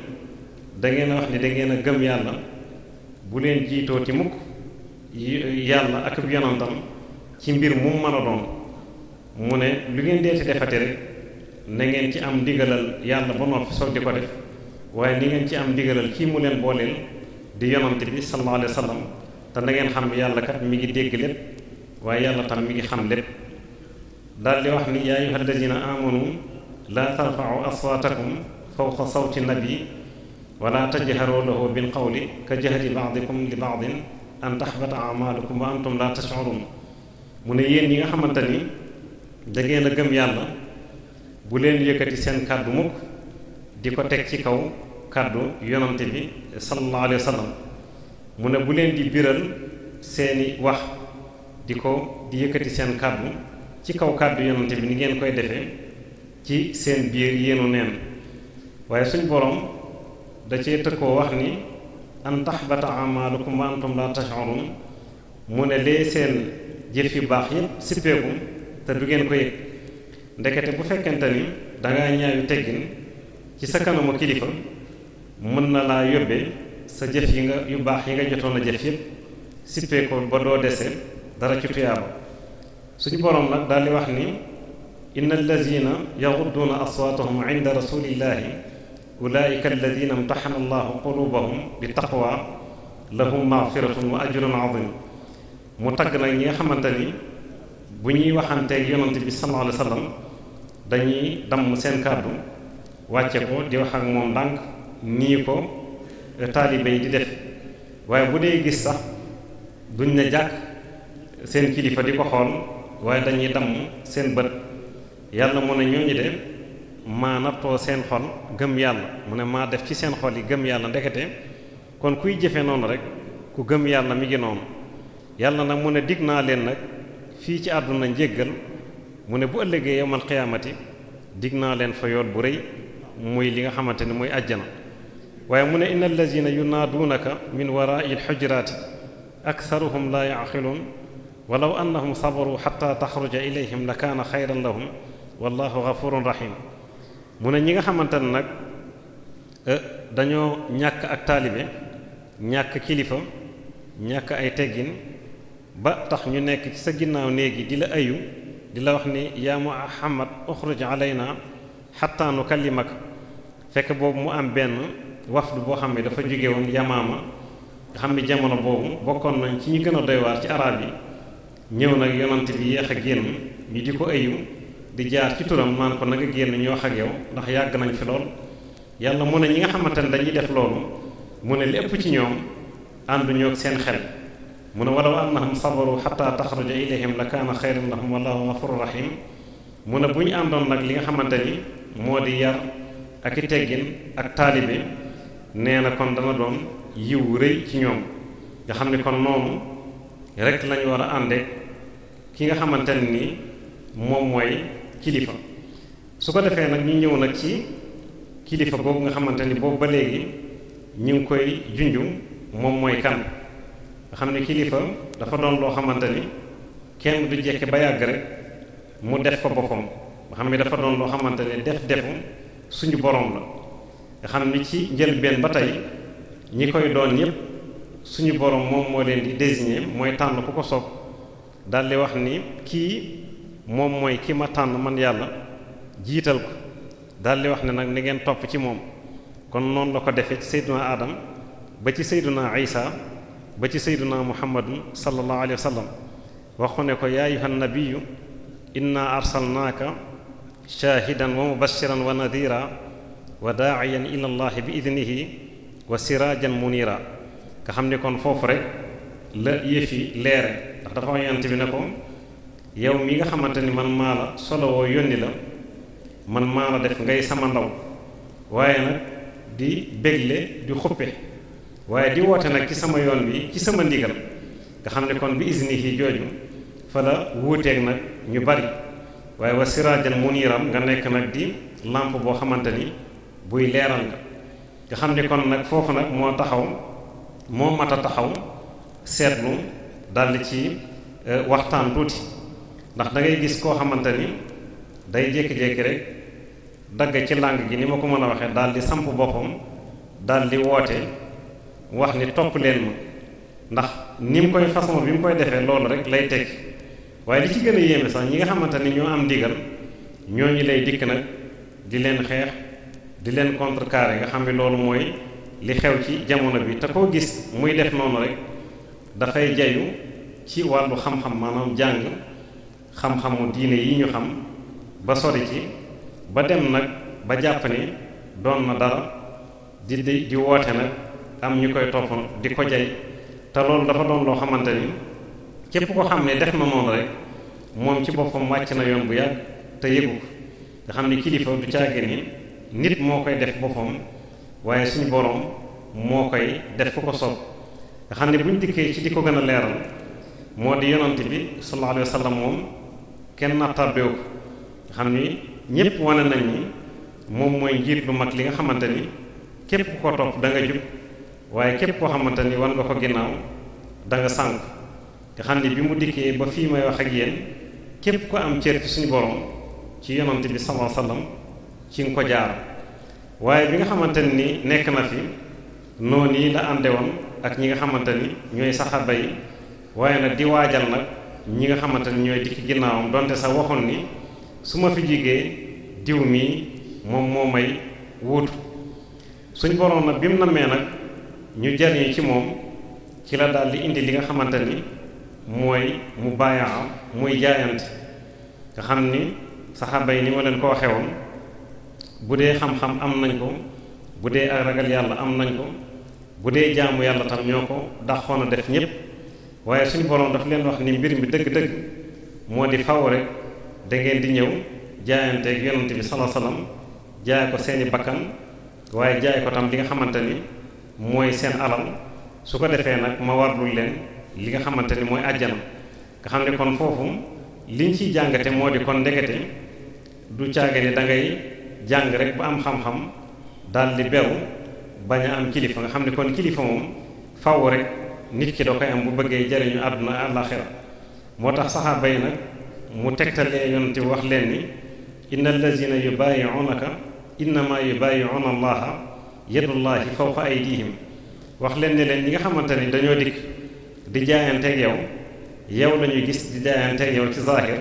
da ngeen wax ni da gëm yàlla bu leen jiitoo ci mukk yàlla ak yonantam ci mbir mu mën a doon mu ne lu ngeen deeti defati rek na ngeen ci am ndigalal yàlla ba noppi soog di ko def waaye ni ngeen ci am ndigalal kii mu leen booleel di yonante bi sallallahu alayhi wa sallam te na ngeen xam yàlla kat mi ngi dégg lépp waaye yàlla tam mi ngi xam lépp daal di wax ni yaa ayyuhal lazina amanu laa tarfa'u aswaatakum fawqa sawti nabi wala tajharuu lahu bil qawli ka jahri ba'dikum li ba'din an tahbata a'maalukum wa antum laa tash'uruun mu ne yéen ñi nga xamante ni da ngeen a gëm yàlla bu leen yëkkati seen kàddu mukk di ko teg ci kaw kàddu yonante bi sallallahu alayhi mu ne bu leen di biral seeni wax di ko di yëkkati seen kàddu ci kaw kàddu yonante bi ni ngeen koy defee ci seen biir yéenu neen waaye suñ boroom da cee tëkkoo wax ni an tahbata amalukum wa antum la tash'urun mu ne lee seen jëf yu baax yi sippeeku te du ngeen ko yëg ndekete bu fekkente ni dangaa ñaawi teggin ci sa kanamu kilifa mën na laa yóbbee sa jëf yi nga yu baax yi nga jotoon a jëf yépp sippeeku ba doo dese dara ci tuyaaba suñu boroom nag daldi wax ni inna allazina yaghudduuna aswaatahum inda rasulillahi ulaika alladina imtaxana allahu qulubahum bi taqwa lahum magfiratun wa ajrun azim mu tagg nag ñi nga xamante ni bu ñuy waxanteeg yonante bi sallallahu alayhi wa sallam dañuy damm seen kàddu wàcce ko di wax ak moom ndànk nii ko taalibe yi di def waaye bu dee gis sax duñ ne jàkk seen kilifa di ko xool waaye dañuy damm seen bët yàlla mu ne ñooñu de maa nattoo seen xol gëm yàlla mu ne maa def ci seen xol yi gëm yàlla ndekete kon kuy jëfe noonu rek ku gëm yàlla mi ngi noonu yàlla na mu ne dig naa leen nag fii ci àdduna njéggal mu ne bu ëllëgee yowmal xiyaamati dig naa leen fa yool bu rëy muy li nga xamante ne muy àjjana waaye mu ne inna allazina yunaaduunaka min waraai lxujraati aksaruhum laa yaqiluun walaw annahum sabaru xata taxruja ilayhim la kaana xayran lahum wallahu gafurun rahim mu ne ñi nga xamante ne nag eh, dañoo ñàkk ak taalibe ñàkk kilifa ñàkk ay teggin ba tax ñu nekk ci sa ginnaaw néegi di la ayu di la wax ni yaa Muhammad uxruj alayna xatta nukallimak fekk boobu mu am benn wafdu boo xam ne dafa jóge woon Yamaama nga xam ne jamono boobu bokkoon nañ ci ñu gën a doy waar ci araab yi ñëw nag yonant bi yéex a génn ñu di ko ayu di jaar ci turam naan ko nanga génn ñu wax ak yow ndax yàgg nañ fi lool yàlla mu ne ñi nga xamante ne dañuy def loolu mu ne lépp ci ñoom ànduñu ak seen xel mu ne walaw annahum sabaru xata taxruja ilayhim la kaana xayran lahum wallahu ghafurur rahim mu ne bu ñu àndoon nag li nga xamante ni moo di yar ak i teggin ak taalibe nee na kon dana doon yiw rëy ci ñoom nga xam ne kon noonu rek lañu war a ànde ki nga xamante ni moom mooy kilifa su ko defee nag ñu ñëw nag ci kilifa boobu nga xamante ni boobu ba léegi ñu ngi koy junju moom mooy kan xam ne kilifa dafa doon loo xamante ni kenn du jekke ba yàgg rek mu def ko boppam xam ne dafa doon loo xamante ne def defu suñu borom la nga xam ni ci njëlbeen ba tey ñi koy doon yépp suñu borom moom moo leen di désigner mooy tànn ku ko soog daldi wax ni kii moom mooy ki ma tànn man yàlla jiital ko daldi wax ne nag ni ngeen topp ci moom kon noonu la ko defee ci sayduna adam ba ci sayduna isa ba ci sayduna muhammadun sallallahu alayhi wa sallam waxu ne ko yaa ayyuhan nabiyyu inna arsalnaaka shaahidan wa mubashiran wa nadira wa daa'iyan ila allah bi idnihi wa siraajan munira nga xam ne kon foofu rek la yëfi leere ndax dafa yant bi ne ko yow mi nga xamante ni man maa la solowoo yónni la man maa la def ngay sama ndaw waaye nag di bégle di xuppe waaye di woote nag ci sama yoon bi ci sama ndigal nga xam ne kon bi isni yi jooju fa la wuuteeg nag ñu bari waaye wa siraajan muniiram nga nekk nag di làmp boo xamante ni buy leeral nga nga xam ne kon nag foofu nag moo taxaw moo mat a taxaw seetlu dal ci eh, waxtaan tuuti ndax da ngay gis koo xamante ni day jékki-jékki rek dagg ci langue gi ni ma ko mën a waxee daal di samp boppam daal di woote wax ni topp leen ma ndax ni mu koy façon bi mu koy defee loolu rek lay teg waaye li ci gën yéeme sax ñi nga xamante ni ñoo am ñoo ñooñu lay dikk nag di leen xeex di leen contrecarrer nga xam ne loolu mooy li xew ci jamono bi te koo gis muy def noonu rek dafay jayu ci wàllu xam-xam maanaam jàng xam-xamu diine yi ñu xam ba sori ci ba dem nag ba jàpp ni doon na dara di di di woote nag am ñu koy topp di ko jay te loolu dafa doon loo xamante ni képp ko xam ne def na noonu rek moom ci boppam wàcc na yoon bu yàgg te yëgu ko nga xam ne kilifa du caage ni nit moo koy def boppam waaye suñ borom moo koy def ku ko soob nga xam ne buñ dikkee ci di ko gën a leeral moo di yonante bi sallallahu moom kenn nattablewu ko nga xam ni ñépp wane nañ moom mooy njiit lu mag li nga xamante ni képp ku ko topp da nga jub waaye képp koo xamante ni wan nga ko ginnaaw da nga sànk ni bi mu dikkee ba fi may wax ak yéen képp ku am cër suñu borom ci yonante bi sallallahu alayhi wasallam ci nga ko jaar waaye bi nga xamante ni nekk na fi noonu yi la ànde woon ak ñi nga xamante ni ñooy saxaaba yi waaye nag di waajal nag ñi nga xamante ni ñooy dikk ginnaawam donte sax waxoon ni su ma fi jigee diw mii moom moo may wuutu suñ boroom nag bi mu nammee nag ñu jariñu ci moom ci la daal di indi li nga xamante ni mooy mu bàyyaa muy jaayante nga xam ni saxaaba yi ni ma leen ko waxee woon bu dee xam-xam am nañ ko bu dee ak ragal yàlla am nañ ko bu dee jaamu yàlla tam ñoo ko daxoon a def ñépp waaye suñ borom daf leen wax ni mbir mi dëgg-dëgg moo di faw rek da di ñëw jaayanteeg yonent bi sallallahu alayhi wasallam jaay ko seeni bakkan waaye jaay ko tam li nga xamante ni mooy seen alal su ko defee nag ma warlul leen li nga xamante ni mooy àjjana xam ne kon foofu liñ ciy jàngate moo di kon ndekete du caage dangay jàng rek ba am xam-xam daal di beru bañ a am kilifa nga xam ne kon kilifa moom faw rek nit ki da koy am bu bëggee jariñu àdduna àllaaxira moo tax saxaaba bay nag mu tegtalee yonent bi wax leen ni inna allazina yubaayi'unaka innama yubaayi'una allaha yadullahi ay aydihim wax leen ni leen ñi nga xamante ni dañoo dikk di jaayanteeg yow yow lañuy gis di jaayanteeg yow ci zaahir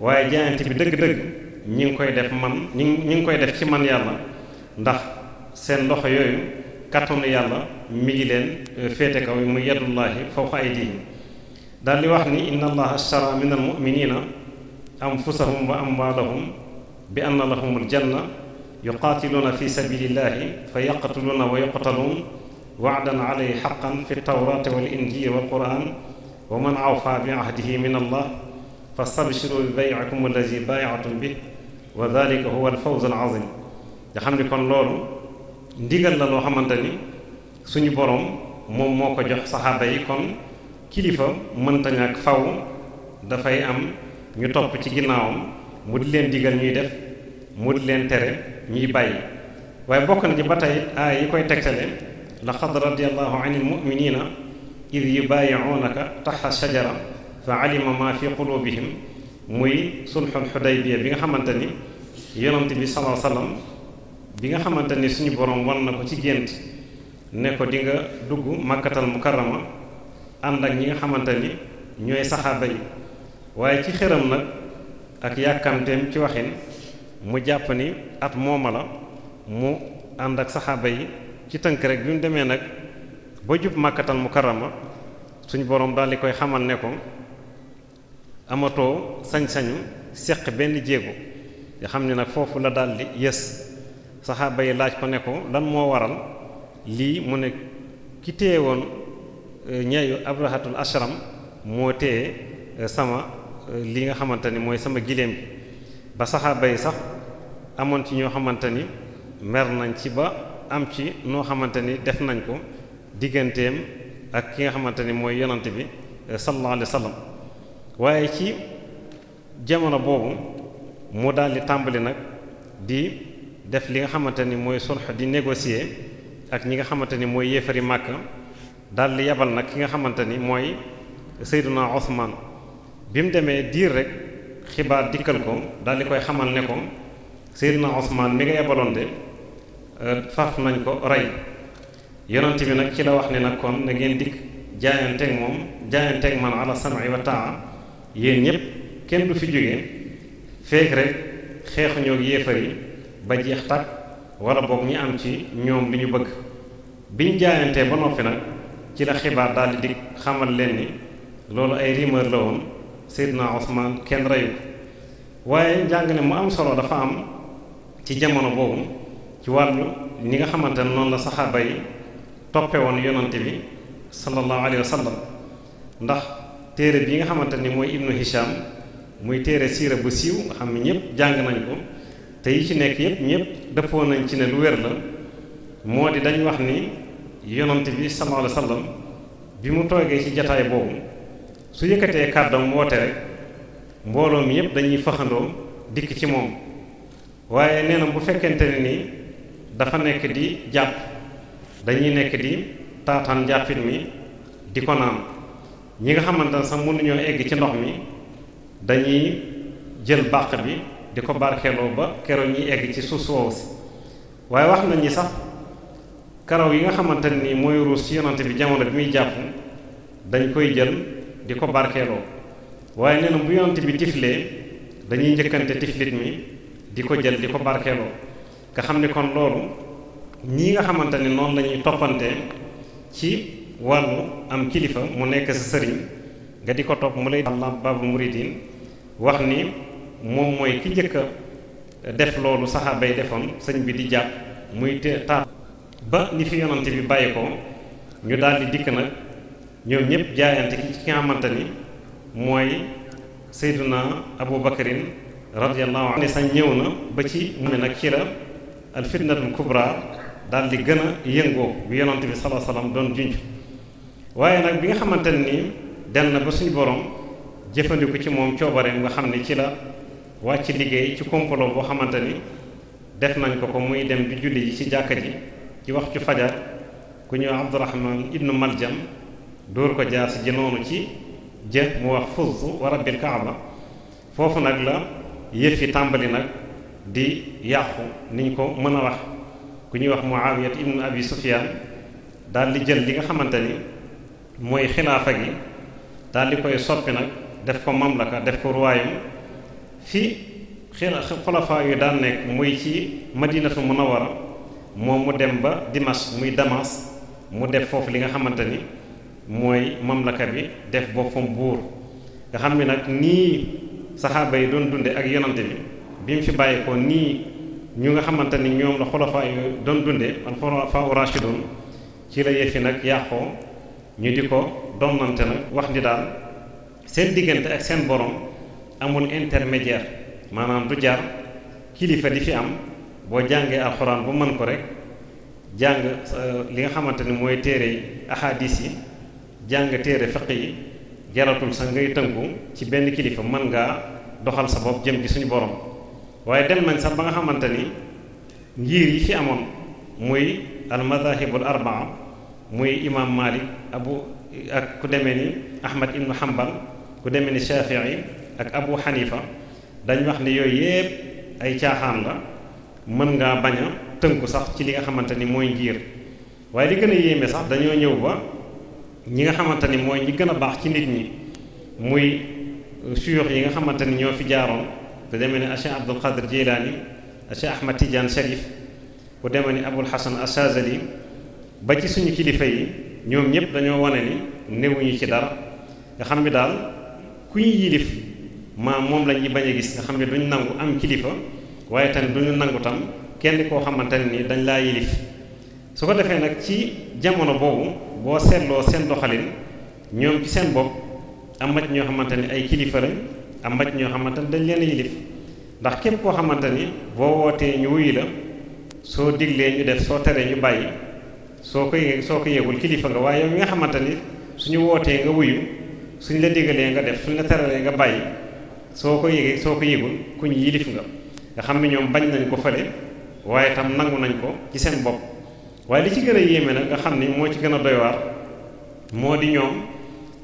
waaye jaayante bi dëgg-dëgg ñi ngi koy def man ñi ñi ngi koy def ci man yàlla ndax seen loxo yooyu kàttanu yàlla mi ngi leen eh, féete kaw muy yadullahi fawqa aydihim daal di wax ni inna allaha ashtara min almuminina anfusahum wa amwalahum bi anna lahum aljanna yuqaatiluuna fi sabilillahi fa yaqtuluuna wa yuqtaluun wa'dan alayhi haqqan fi tawraati wal injili wal qur'an wa man awfaa bi ahdihi min allah fastabshiruu bi bay'ikum allazi baaya'tum bih wa dhalika huwa al fawz al azim nga xam ni kon loolu ndigal la loo xamante ni suñu borom moom moo ko jox saxaaba yi kon kilifa mënta ñàkk faw dafay am ñu topp ci ginnaawam mu di leen digal ñuy def mu di leen tere ñuy bàyyi waaye bokk na ci ba tey aay yi koy tegtale laqad radiyallahu anil mu'minina id yubayi'unaka tahta shajara fa alima ma fi qulubihim muy sulhul hudaybiya bi nga xamante ni yonent bi sallallahu alayhi wasallam bi nga xamante ni suñu borom wan na ko ci gént ne ko di nga dugg makkatal mukarrama ànd ak ñi nga xamante ni ñooy saxaaba yi waaye ci xëram nag ak yàkkamteem ci waxin mu jàpp ni at mooma la mu ànd ak saxaaba yi ci tënk rek bi mu demee nag ba jub makkatal mukarrama suñu borom daal di koy xamal ne ko amatoo sañ-sañu seq benn jéego nga xam ne nag foofu la daldi di yées saxaaba yi laaj ko ne ko lan moo waral. lii mu ne ki téye woon euh, ñayu abrahatul ashram moo téye euh, sama euh, li nga xamante ni mooy sama giléem bi ba saxaaba yi sax amoon ci ñoo xamante ni mer nañ ci ba am ci noo xamante ni def nañ ko digganteem ak ki nga xamante ni mooy yonante bi sallallahu alayhi wasallam waaye ci jamono boobu mu daldi tàmbali nag di def li nga xamante ni mooy sulh di négocier ak ñi nga xamante ni mooy yéefari dal daldi yebal nag ki nga xamante ni mooy Seydina Usmaan bi mu demee diir rek xibaar dikkal ko di koy xamal ne ko Seydina Usmaan mi nga yebaloon de euh, faaf nañ ko rey yonent bi nag ci la wax ne nag kon na dikk jaayanteeg moom jaayanteeg man ala sam'i wa ta'a yéen ñépp kenn du fi jóge feek rek xeexuñoo ak yéefar ba jeex tàkk wala boog ñi am ci ñoom li ñu bëgg biñ jaayantee ba noppi nag ci la xibaar daal di xamal leen ni loolu ay rumeur la woon Seydina Ousmane kenn reyu waaye jàng njàngale mu am solo dafa am ci jamono boobu ci wàllu ñi nga xamante ne noonu la saxaaba yi toppe woon yonante bi sallallahu alayhi wa ndax téere bi nga xamante ni mooy Ibnu Hisham muy téere siira bu siiw nga xam ne ñépp jàng nañ ko te yi ci nekk yépp ñépp dëppoo nañ ci ne lu wér la moo di dañ wax ni yonent bi sallallahu bi mu toogee ci jataay boobu su yëkkatee kàddam woote rek mbooloo mi yépp dañuy faxandoo dikk ci moom waaye nee na bu fekkente ne ni dafa nekk di jàpp dañuy nekk di taataan jàppit mi di ko naan ñi nga xamante ne sax mënuñoo egg ci ndox mi dañuy jël bàq bi di ko barkeeloo ba keroog ñuy egg ci suuf woowu si waaye wax nañ sax karaw yi nga xamante ni mooy ruus ci yonante bi jamono bi muy jàpp dañ koy jël di ko barkeeloo waaye nee na bu yonante bi tiflee dañuy njëkkante tiflit mi di ko jël di ko barkeeloo nga xam ni kon loolu ñii nga xamante ni noonu lañuy toppante ci wàllu am kilifa mu nekk sa sëriñ nga di ko topp mu lay. allah babu wax ni. moom mooy ki njëkk a def loolu saxaaba defoon sëñ bi di jàpp muy te taat ba ni fi yonante bi bàyyi ko ñu daal di dikk nag ñoom ñëpp jaayante ki nga xamante ni mooy sayduna abu bakarin radiyallahu anhu sax ñëw na ba ci mu ne nag ci la al fitnatul kubra daal di gën a yëngoo bi yonante bi sallallahu alayhi wasallam doon junj waaye nag bi nga xamante ne nii ba suñu borom jëfandiku ci moom coobareem nga xam ne ci la wàcc liggéey ci kompaloo boo xamante ni def nañ ko ko muy dem di julli ji ci jàkka ji ci wax ci fajar ku ñëw Abdurahman ibnu Maljam dóor ko jaas ji noonu ci jë mu wax fuzz wa kaaba foofu nag la yëf yi tàmbali nag di yàqu niñ ko mën a wax ku ñuy wax Muawiyat ibnu Abi Sufyaan daal di jël li nga xamante ni mooy xilaafa gi daal di koy soppi nag def ko mamlaka def ko ruwaayum fii xëy na xulafaa yu daal nekk muy ci mën madinatu munawwara moom mu dem ba dimas muy Damas mu def foofu li nga xamante ni mooy mamlaka bi def boppam buur nga xam ne nag nii saxaaba yi doon dunde ak yonante bi bi mu fi bàyyi ko nii ñu nga xamante ni ñoom la xulafaa yu doon dunde al xulafaa rashidun ci la yëfi nag yàqoo ñu di ko donnante nag wax ni daal seen diggante ak seen borom amul intermédiaire maanaam du jaar kilifa di fi am boo jàngee alxuraan bu mën ko rek jàng euh, li nga xamante ni mooy téere ahadis yi jàng téere fiq yi jaratul sax ngay tënku ci benn kilifa mën ngaa doxal sa bopp jëm ci suñu borom waaye dem nañ sax ba nga xamante ni ngir yi fi amoon muy almadahibul arbaa muy imam malik abu ak ku demee ni ahmad ibnu hambal ku demee ni shafii ak Abu Hanifa dañ wax ne yooyu yépp ay caaxaan la mën ngaa bañ a tënku sax ci li nga xamante ni mooy ngir waaye li gën a yéeme sax dañoo ñëw ba ñi nga xamante ni mooy ñi gën a baax ci nit ñi muy suyux yi nga xamante ni ñoo fi jaaroon ku demee ne Cheikh Abdul Qadir Jilani Cheikh Ahmad Tidiane Sharif ku demee ni Abul Hasan Asazali ba ci suñu kilifa yi ñoom ñëpp dañoo wane ni néewuñu ci dara nga xam ni daal ku yilif maam moom lañuy bañ a gis nga xam ne duñ nangu am kilifa waaye tamit duñu nangu tam kenn koo xamante ne ni dañ laa yilif su ko defee nag ci jamono boobu boo seetloo seen doxalin ñoom ci seen bopp am maj ñoo xamante ni ay kilifa lañ am maj ñoo xamante ni dañ leen yilif ndax képp koo xamante ni boo wootee ñu wuyu la soo diglee ñu def soo teree ñu bàyyi soo ko yëg soo ko yëgul kilifa nga waaye yow mi nga xamante ni suñu wootee nga wuyu suñ la digalee nga def suñ la teralee nga bàyyi soo ko yëgee soo ko yëgul ku ñu yilif nga nga xam ne ñoom bañ nañ ko fële waaye tam nangu nañ ko ci seen bopp waaye li ci gën a yéeme nag nga xam ni moo ci gën a doy waar moo di ñoom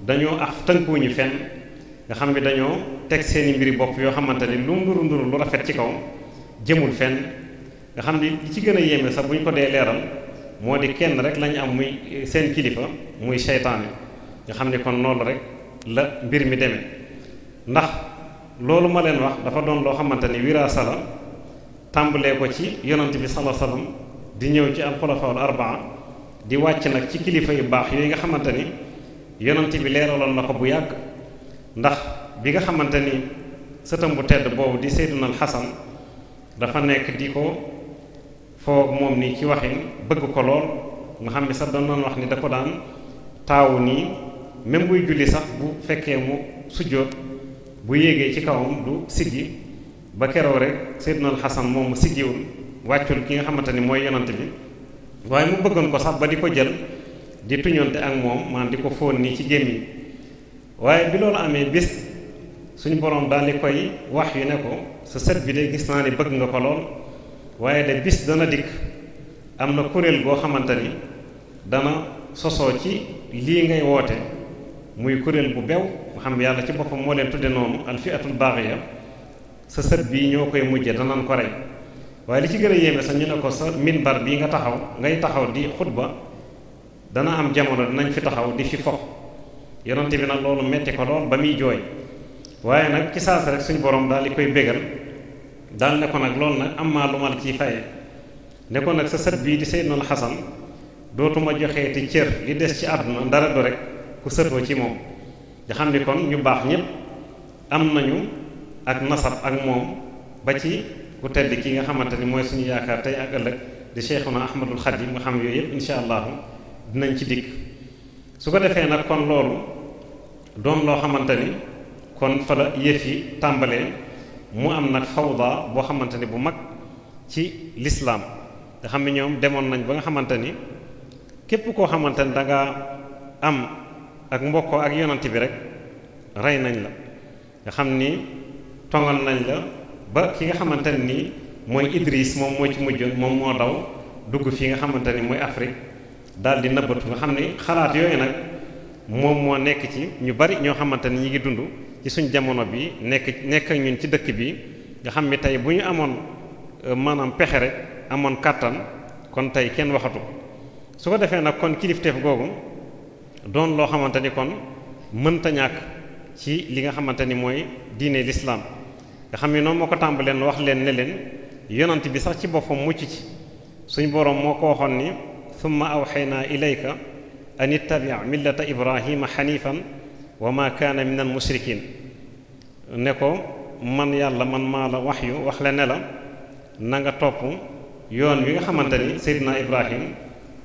dañoo af tënkuwuñu fenn nga xam ne dañoo teg seeni mbiri bopp yoo xamante ni lu nduru nduru lu rafet ci kaw jëmul fenn nga xam ni li ci gën a yéeme sax bu ñu ko dee leeral moo di kenn rek lañu am muy eh, seen kilifa muy seytaane nga xam ni kon noonu rek la mbir mi demee loolu ma leen wax dafa doon loo xamante ni wiraasa la tàmbalee ko ci yonant bi sallallahu alayhi di ñëw ci alxulafaul arbaa di wàcc nag ci kilifa yu baax yooyu nga xamante ni yonant bi leeraloon na ko bu yàgg ndax bi nga xamante ni sëtam bu tedd boobu di Seydina al Xasan dafa nekk di ko foog moom nii ci waxin bëgg ko lool nga xam ne sax dañ doon wax ni da ko daan taawu nii même buy julli sax bu fekkee mu sujjóot bu yéegee ci kawam du siggi ba keroo rek Seydina al Xasan moom mu siggiwul wàccul ki nga xamante ni mooy yonante bi waaye mu bëggoon ko sax ba di ko jël di tuñonte ak moom maanaam di ko fóon nii ci gémmiñ waaye bi loolu amee bis suñu boroom daal di koy wax yu ne ko sa set bi de gis naa ni bëgg nga ko lool waaye de bis dana dikk am na kuréel goo xamante ni dana sosoo ci lii ngay woote muy kuréel bu bew xam yàlla ci boppam moo leen tudde noonu alfiatul ya sa sët bii ñoo koy mujje danañ ko rey waaye li ci gën a yéeme sax ñu ne ko sa minbar bii nga taxaw ngay taxaw di xutba dana am jamono dinañ fi taxaw di fi fox yonente bi nag loolu metti ko lool ba muy jooy waaye nag ci saas rek suñ borom daal di koy bégal daal ne ko nag loolu nag am maa lu mal ciy faye ne ko nag sa sët bii di Seydina Xasan dootuma joxeeti cër li des ci àdduna dara du rek ku sëtoo ci moom nga xam ni kon ñu baax ñépp am nañu ak nasab ak moom ba ci ku tedd ki nga xamante ni mooy suñu yaakaar tey ak ëllëg di Cheikhuna Ahmadul Khadim nga xam yooyu yépp insha allahu dinañ ci dikk su ko defee nag kon loolu doom loo xamante ni kon fa la yëf yi tàmbalee mu am nag fawda boo xamante ni bu mag ci lislaam nga xam ne ñoom demoon nañ ba nga xamante ni képp koo xamante ni da nga am ak mbokkoo ak yonent bi rek rey nañ la nga xam ni tongal nañ la ba ki nga xamante ne nii mooy Idris moom moo ci mujj moom moo daw dugg fii nga xamante ni mooy Afrique daal di nëbbatu nga xam ni xalaat yooyu nag moom moo nekk ci ñu bari ñoo xamante ni ñi ngi dund ci suñ jamono bi nekk nekk ñun ci dëkk bi nga xam ni tey bu ñu amoon euh, maanaam pexe rek amoon kàttan kon tey kenn waxatu su ko defee nag kon kilifteef googu doon loo xamante ni kon mënta ñàkk ci li nga xamante ni mooy diine lislaam nga xam ne noonu moo ko tàmbalee wax leen ne leen yonant bi sax ci boppam mucc ci suñ boroom moo ko waxoon ni summa awxaynaa ilayka an ittabi' millata ibrahima xanifan wa ma kaana min al mushrikin ne ko man yàlla man maa la wax yu wax la ne la na nga topp yoon wi nga xamante ni seydina ibrahim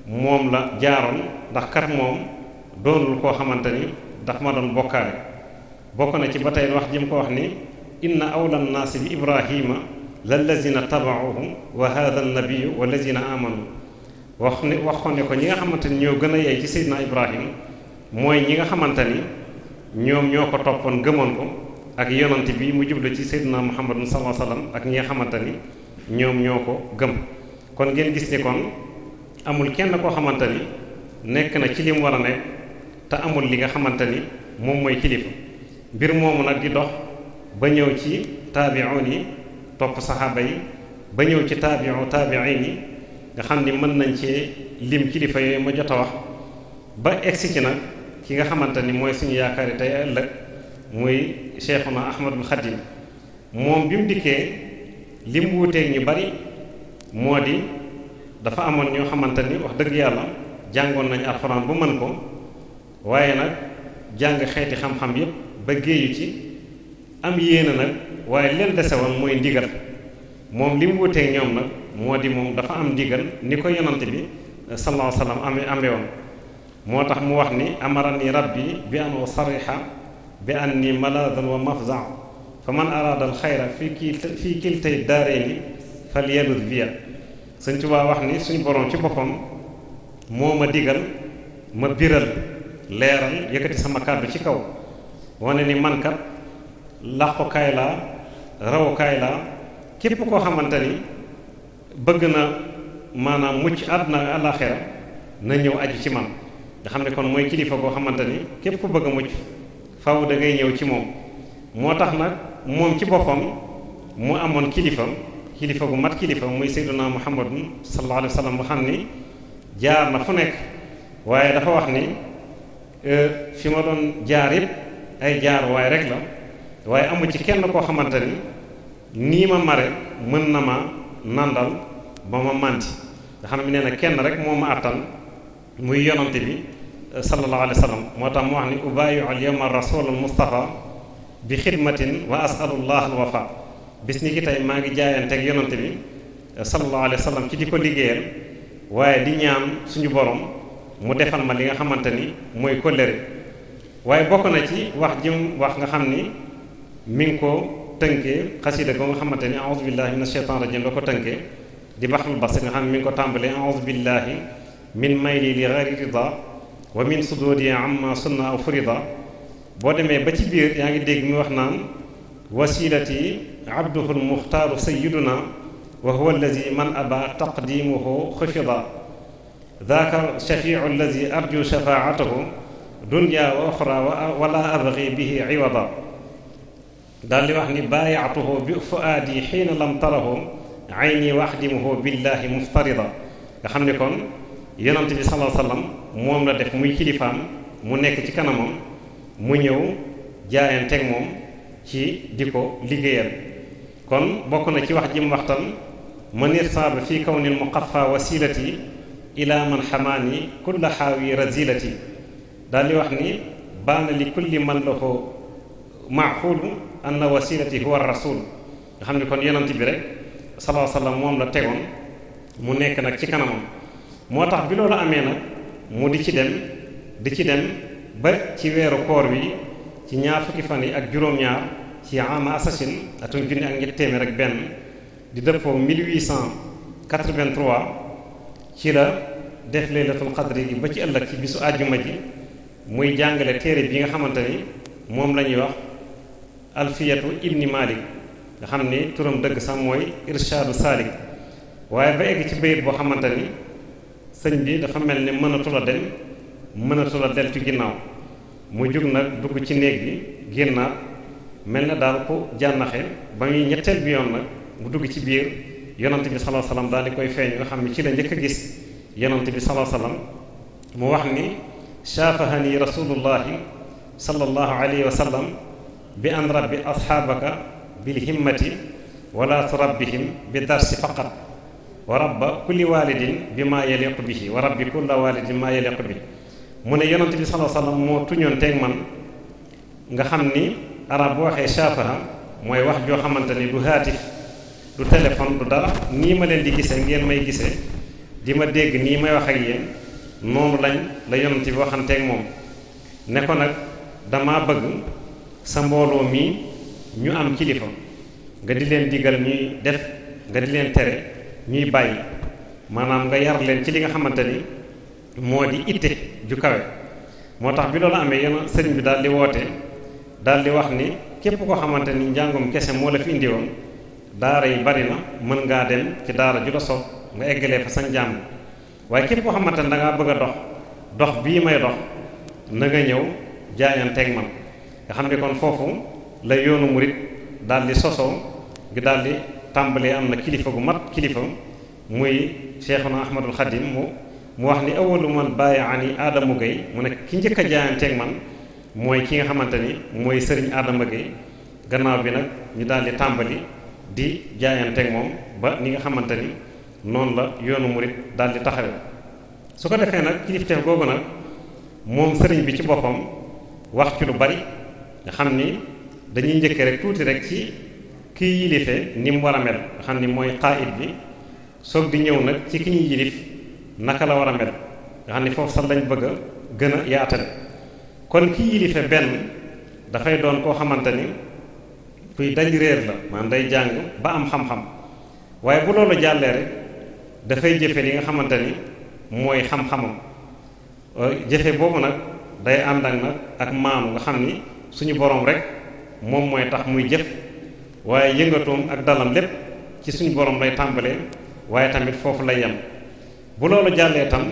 moom la jaaroon ndax kat moom doonul koo xamante ni daf ma doon bokkaale bokk na ci ba tey wax ji mu ko wax ni inna awla nnaasi bi ibrahima lallazina tabauhu wa hada nnabiyu wallazina amanu wax ni waxoon ne ko ñi nga xamante ni ñoo gën a yey ci seydina ibrahim mooy ñi nga xamante ni ñoom ñoo ko toppoon gëmoon ko ak yonante bi mu jublu ci seydina muhammadun salaa sallam ak ñi nga xamante ni ñoom ñoo ko gëm kon ngeen gis ni kon amul kenn koo xamante ni nekk na ci li mu war a nekk te amul li nga xamante ni moom mooy kilifa mbir moomu nag di dox ba ñëw ci taabi'un yi topp saxaaba yi ba ñëw ci taabi'u taabi'in yi nga xam ni mën nañ ci lim kilifa yooyu ma jot a wax ba egsi ci nag ki nga xamante ni mooy suñu yaakaari tey ëllëg muy Cheikhuna Ahmadul Xadim moom bi mu dikkee lim wuuteeg ñu bari moo di dafa amoon ñoo xamante ni wax dëgg yàlla jàngoon nañu alxuraan bu mën ko waaye nag jàng xeeti xam-xam yépp ba géeyu ci am yéene nag waaye leen dese woon mooy ndigal moom li mu wuteeg ñoom nag moo di moom dafa am ndigal ni ko yonante bi eh, sallallahu alayhi wasallam ame woon moo tax mu wax ni amarani rabbi bi an usarriha bi anni maladan wa mafza fa man araada al xayra fii kii fii kiltay daarayni falyaluz biya Sëñ Tuubaa wax ni suñu boroom ci boppam moo ma digal ma biral leeral yëkkati sama kàddu ci kaw wane ni mankat làqukaay laa rawukaay laa képp koo xamante ni bëgg na maanaam mucc àdduna ak àllaaxira na ñëw aju ci man nga xam ne kon mooy kilifa boo xamante ni képp ku bëgg a mucc faw da ngay ñëw ci moom moo tax nag moom ci boppam mu amoon kilifa kilifa gu mat kilifa muy sayyiduna naa sallallahu alayhi wa sallam nga xam ni jaar na fu nekk waaye dafa wax ni Euh, fi ma doon jaar yëpp ay jaar waaye rek la waaye amul ci kenn koo xamante ni nii ma mare mën na ma nandal ba ma mànti nga xam ne nee na kenn rek moo ma àttan muy yonante bi euh, sallallahu alayhi wa moo tax mu wax ni ubaayu al yawma rasul al mustafa bi xidmatin wa asalullah al wafa bis ni ki tey maa ngi jaayanteeg yonante bi euh, sallallahu alayhi wa ci di ko liggéeyal waaye di ñaan suñu borom mu defal ma li nga xamante ni mooy kóllëre waaye bokk na ci wax jëm wax nga xam ni mi ngi ko tënkee xasida ko nga xamante ni a'udhu billahi minash shaitanir rajim la ko tënkee di baxul bas nga xam ne mi ko tàmbalee a'udhu billahi min mayli li ghayri rida wa min sududi amma sunna aw furida boo demee ba ci biir yaa ngi dégg mi wax naan wasilati abduhu almuxtaaru sayiduna wa huwa allazi man aba taqdimuhu xufida daaka shafiicu alladi arju shafaatahu dunya wa oxra wala abgi bihi ciwada daal di wax ni baayactuhu bi fuaadi xiina lam tarahu ayni wa axdimuhu billahi muftarida nga xam ne kon yonent bi salaa sallam moom la def muy kilifaam mu nekk ci kanamam mu ñëw jaayanteeg moom ci di ko liggéeyal kon bokk na ci wax ji mu waxtaan man irtaaba fii kawnil muqaffa wasilati ilaa man xamaani kulla xaawi razilati daal di wax ni na li kulli man lahu maaxuulu anna wasilati huwa rasul nga xam ne kon yonent bi rek salaa moom la tegoon mu nekk nag ci kanamam moo tax bi loolu amee nag mu di ci dem di ci dem ba ci weeru koor wi ci ñaar fukki fan yi ak juróom-ñaar ci ama assasine atum junni ak ñett téeméer benn di dëppoo 1883 ci la def laylatul xadri gi ba ci ëllëg ci bisu àjjuma ji muy jàngale téere bi nga xamante ni moom la ñuy wax alfiyetu ibni malik nga xam ni turam dëgg sax mooy irshaadu saalik waaye ba egg ci bayit boo xamante ni sëñ bi dafa mel ni mënatu la dem mënatu la deltu ginnaaw mu jug nag dugg ci néeg bi génnaat mel na daal ko jànnaxe ba muy ñetteel bi yoon nag mu dugg ci biir yonent bi sallallahu alayhi wasallam daal di koy feeñ nga xam ne ci la njëkk a gis yonent bi sallallahu alayhi wasallam mu wax ni shaafahani rasulullahi sallallahu alayhi wa bi an rabbi asxaabaka bil himmati wala turabbihim bi darsi faqat wa kulli walidin bi maa yaliqu bihi wa rabbi kulli walidin maa yaliqu bihi mu ne yonent bi sallallahu alayhi wasallam moo tuñoon teeg man nga xam ni arab bu waxee shaafaha mooy wax joo xamante ni du haatif du téléphone du dara nii ma leen di gisee ngeen may gise di ma dégg nii may wax ak yéen noonu lañ la yonent bi waxanteeg moom ne ko nag dama bëgg sa mbooloo mii ñu am kilifa nga di leen digal ñuy def nga di leen tere ñuy bàyyi maanaam nga yar leen ci li nga xamante ni moo di itte ju kawe moo tax bi loolu amee yenn bi daal di woote daal di wax ni képp ko xamante ni njàngum kese moo la fi indi woon daara yi bari na mën ngaa dem ci daara ju la soog nga eggalee fa sa njàng waaye képp koo xamante ne da ngaa a dox dox bii may dox na nga ñëw jaayanteeg man nga xam ne kon foofu la yoonu murit daal di sosoo gi daal tàmbalee am na kilifa gu mat kilifa muy Cheikhuna Ahmadul Xadim mu mu wax ni awalu man bàyyi ani Adama mu ne ki njëkk a jaayanteeg man mooy ki nga xamante ni mooy sëriñ aadama Gueye gannaaw bi nag ñu daal di tàmbali. di jaayanteeg moom ba ni nga xamante ni noonu la yoonu murit daal di taxawe su ko defee nag kilifteef googu nag moom sëriñ bi ci boppam wax ci lu bari nga ni dañuy njëkkee rek tuuti rek ci kiy yilife ni mu war a mel xam ni mooy xaayit bi soog di ñëw nag ci ki ñuy yilif naka la war a mel nga ni foofu sax lañ bëgg a gën a yaatale kon kiy yilife benn dafay doon koo xamante kuy daj réer la maanaam day jàng ba am xam-xam waaye bu loolu jàllee rek dafay jëfe li nga xamante ni mooy xam-xamam euh, jëfe boobu nag day ànd ak nag ak maanu nga xam ni suñu boroom rek moom mooy tax muy jëf waaye yëngatoom ak dalam lépp ci suñu boroom lay tàmbalee waaye tamit foofu lay yem bu loolu jàllee tam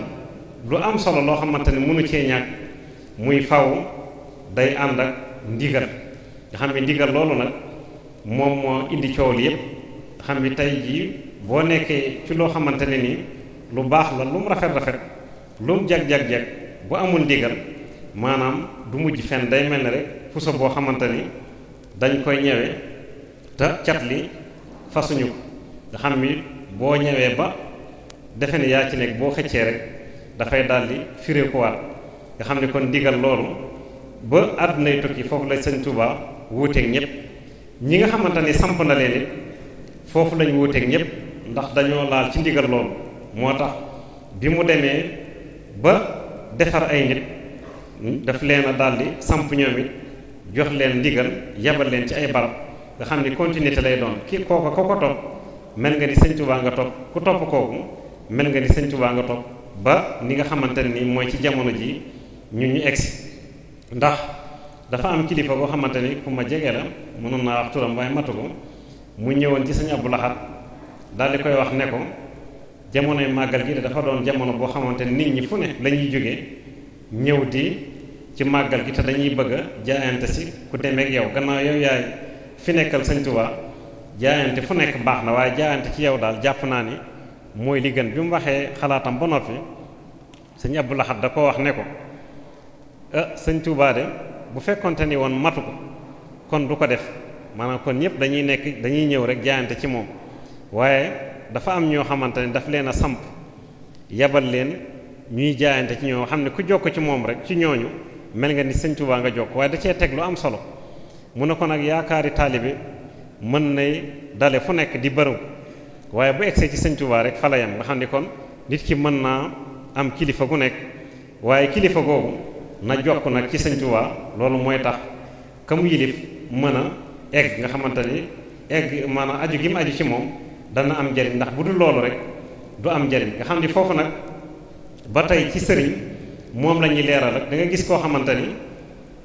lu am solo loo xamante ni mënu cee ñàkk muy faw day ànd ak ndigal nga xam ne ndigal loolu nag moom moo indi coow li yëpp xam ni tey jii boo nekkee ci loo xamante ne ni lu baax la lum rafet rafet lu mu jag jag jag bu amul ndigal maanaam du mujj fenn day mel ne rek puso boo xamante ni dañ koy ñëwee te cat li fasuñu ko nga xam ni boo ñëwee ba defe ne yaa ci nekk boo xëccee rek dafay daldi firé ko waat nga xam ni kon ndigal loolu ba àddunay tukki foofu la Sëñ Tuubaa wuuteeg ñépp ñi nga xamante ni samp na leen it foofu lañ wuuteeg ñëpp ndax dañoo laal ci ndigal loolu moo tax bi mu demee ba defar ay nit daf leen a daldi samp ñoom it jox leen ndigal yabal leen ci ay barab nga xam ni continuité lay doon kii kooka ko ko topp mel nga ni Sëñ Tuubaa nga topp ku topp kooku mel nga ni Sëñ Tuubaa nga topp ba ni nga xamante ni mooy ci jamono ji ñu ñu egsi ndax dafa am kilifa boo xamante ni ku ma jege la mënoon naa wax turam waaye matu mu ñëwoon ci sëñ Abdou Lahad daal di koy wax ne ko jamonoy màggal gi de dafa doon jamono boo xamante nit ñi fu ne la ñuy jógee ñëw di ci màggal gi te dañuy bëgg a jaayante si ku demeek yow gannaaw yow yaay fi nekkal sëñ Tuubaa jaayante fu nekk baax na waaye jaayante ci yow daal jàpp naa ni mooy li gën bi mu waxee xalaatam ba noppi sëñ Abdou Lahad da ko wax ne ko ah sëñ Tuubaa de bu fekkonte ni woon matu ko kon du ko def maanaam kon ñëpp dañuy nekk dañuy ñëw rek jaayante ci moom waaye dafa am ñoo xamante ne daf leen a samp yebal leen ñuy jaayante ci ñoo xam ne ku jokk ci moom rek ci ñooñu mel nga ni Sëñ Tuubaa nga jokk waaye da cee teg lu am solo mu ne kon nag yaakaari taalibe mën nay dale fu nekk di bërëw waaye bu egsee ci Sëñ Tuubaa rek fa la nga xam ni kon nit ki mën naa am kilifa gu nekk waaye kilifa googu na jokk nag ci Sëñ Tuubaa loolu mooy tax ka mu yilif mën a egg nga xamante ni egg maanaam aju gi aju ci moom dana am njariñ ndax bu dul loolu rek du am njariñ nga xam ni foofu nag ba tey ci sëriñ moom lañuy leeral rek dangay gis koo xamante ni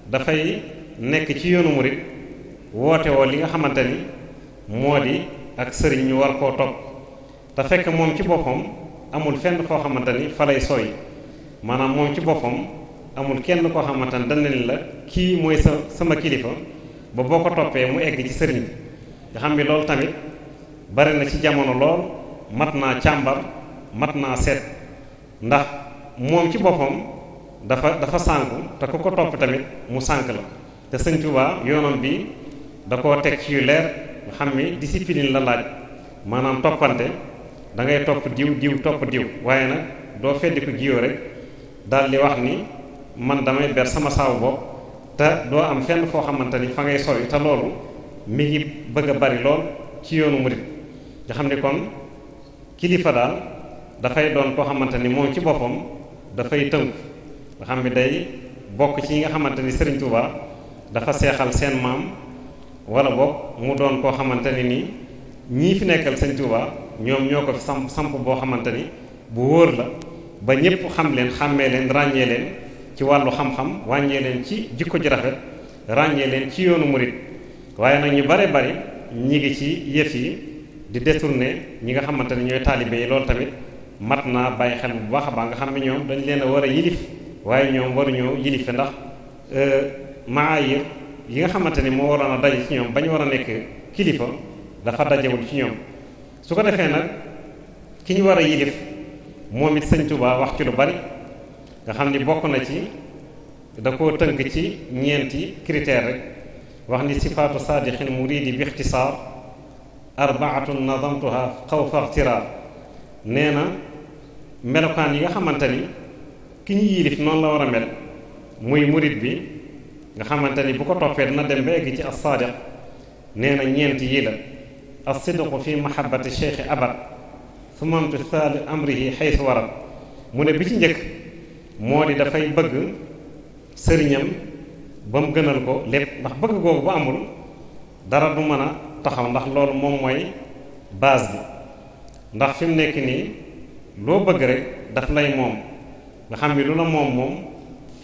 dafay nekk ci yoonu murit woote woo li nga xamante ni moo di ak sëriñ ñu war koo topp te fekk moom ci boppam amul fenn koo xamante ni fa lay sooy maanaam moom ci boppam amul kenn koo xamante ne dana la kii mooy sa sama kilifa ba boo ko toppee mu egg ci sëriñ bi nga xam ni loolu tamit bari na ci jamono lool mat naa càmbar mat naa seet ndax moom ci boppam dafa dafa sànku te ku ko topp tamit mu sànk la te sëñ Tuubaa yoonam bi da ko teg ci yu leer nga xam ni discipline la laaj maanaam toppante da ngay topp diw diw topp diw waaye nag doo feddi ko jiyoo rek daal di wax ni man damay ber sama saaw bopp te doo am fenn foo xamante ni fa ngay sori te loolu mi ngi bëgg a bari lool ci yoonu murit nga xam ne kon kilifa daal dafay doon koo xamante ni moom ci boppam dafay tënku nga xam ne day bokk ci yi nga xamante ni Serigne Touba dafa seexal seen maam wala boog mu doon koo xamante ni nii ñii fi nekkal Serigne Touba ñoom ñoo ko fi samp samp boo xamante ni bu wóor la ba ñëpp xam leen xàmmee leen ràññee leen. ci wàllu xam-xam wàññee leen ci jikko ji rafet ràññee leen ci yoonu murit waaye nag ñu bare bari ñi ngi ci yëf yi di ne ñi nga xamante ne ñooy taalibe yi loolu tamit mat naa bàyyi xel bu baax a baax nga xam ne ñoom dañ leen a war a yilif waaye ñoom waruñoo yilif ndax euh, maayir yi nga xamante ni moo waroon a daje ci ñoom bañ war a nekk kilifa dafa dajewul ci ñoom su ko defee nag ki ñu war a yilif moom it sëñ Tuubaa wax ci lu bari nga xam ni bokk na ci da koo tënk ci ñeenti critère rek wax ni sifaatu saadiqin muridi bi ixtisaar arbaatun nadamtuha xawfa ixtiraar nee na melokaan yi nga xamante ni ki ñu yilif noonu la war a mel muy murid bi nga xamante ni bu ko toppee dana dem ba ci as saadiq nee na ñeent yii la as sidqu fi mahabbati cheikhi abad sumamtu saali amrihi xaysu warat mu ne bi ci njëkk moo di dafay bëgg sëriñam ba mu gënal ko lépp ndax bëgg googu bu amul dara du mën a taxaw ndax loolu moom mooy base bi ndax fi mu nekk nii loo bëgg rek daf lay moom nga xam ni lu la moom moom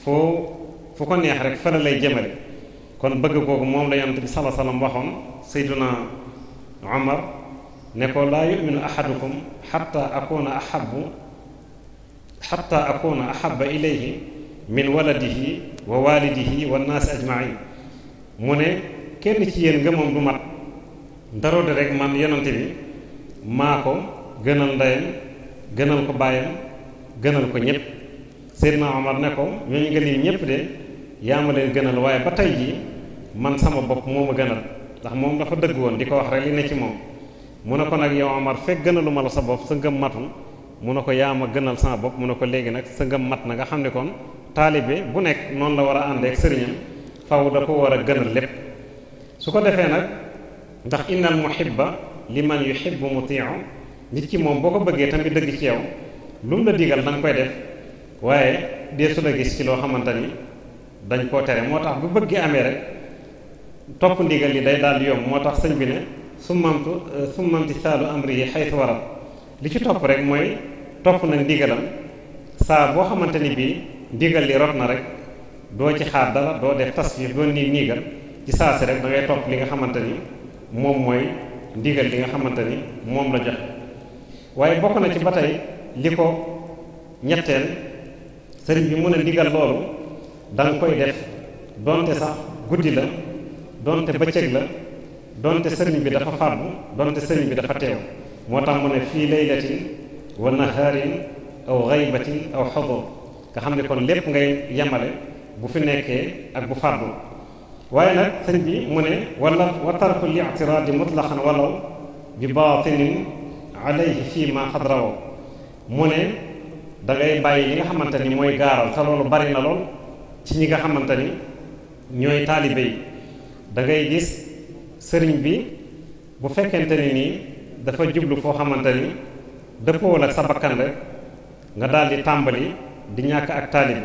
foo fu ko neex rek fële lay jëmale kon bëgg googu moom la yonent bi sala salaam waxoon sayduna Omar ne ko laa yuminu ahadukum xatta akuna ahabu xatta akuna ahaba ilayhi min waladihi wa walidihi wannaasi ajmain mu ne kenn ci yéen ngëmam du mat ndaroo de rek man yonante bi maa ko gënal ndeyam gënal ko baayam gënal ko ñëpp Seydina Omar ne ko ñu nga lim ñëpp de yaa ma leen gënal waaye ba tey jii man sama bopp moo ma gënal ndax moom dafa dëgg woon di ko wax rek li ne ci moom mu ne ko nag yow Omar fekk gënalu ma la sa bopp sa ngëm matul mu ne ko yaa ma gënal sama bopp mu ne ko léegi nag sa ngëm mat na nga xam ne kon taalibe bu nekk noonu la war a àndeek sëriñam faw da ko war a gënal lépp su ko defee nag ndax innal muhibba liman yuhibbu muti'u nit ki moom boo ko bëggee tamit dëgg ci yow lu mu la digal da koy def waaye dee su la gis ci loo xamante ni dañ koo tere moo tax bu bëggee amee rek topp ndigal yi day daal yomb moo tax sëñ bi ne su mamtu su mamti saalu amri yi xaytu waral li ci topp rek mooy topp nag ndigalam saa boo xamante ni bii ndigal li rot na rek doo ci xaar dara doo def tasfiir doo nii niigal ci saa si rek da ngay topp li nga xamante ni moom mooy ndigal li nga xamante ni moom la joxe waaye bokk na ci ba tey li ko ñetteel sëriñ bi mën a ndigal loolu da koy def donte sax guddi la donte bëccëg la donte sëriñ bi dafa fàbbu donte sëriñ bi dafa teew moo tax mu ne fii laylatin wa nahaarin aw xaybatin aw xador nga xam ne kon lépp ngay yemale bu fi nekkee ak bu fàddu waaye nag sëñ bi mu ne wala wa tarku li i'tiraadi mutlaqan walaw bi baatinin alayhi fii ma xad mu ne da ngay bàyyi yi nga xamante ni mooy gaaral te loolu bari na lool ci ñi nga xamante ni ñooy taalibe yi gis sëriñ bi bu fekkente ni nii dafa jublu koo xamante ni dëppoo la sa bakkan rek nga daal di tàmbali di ñàkk ak taalib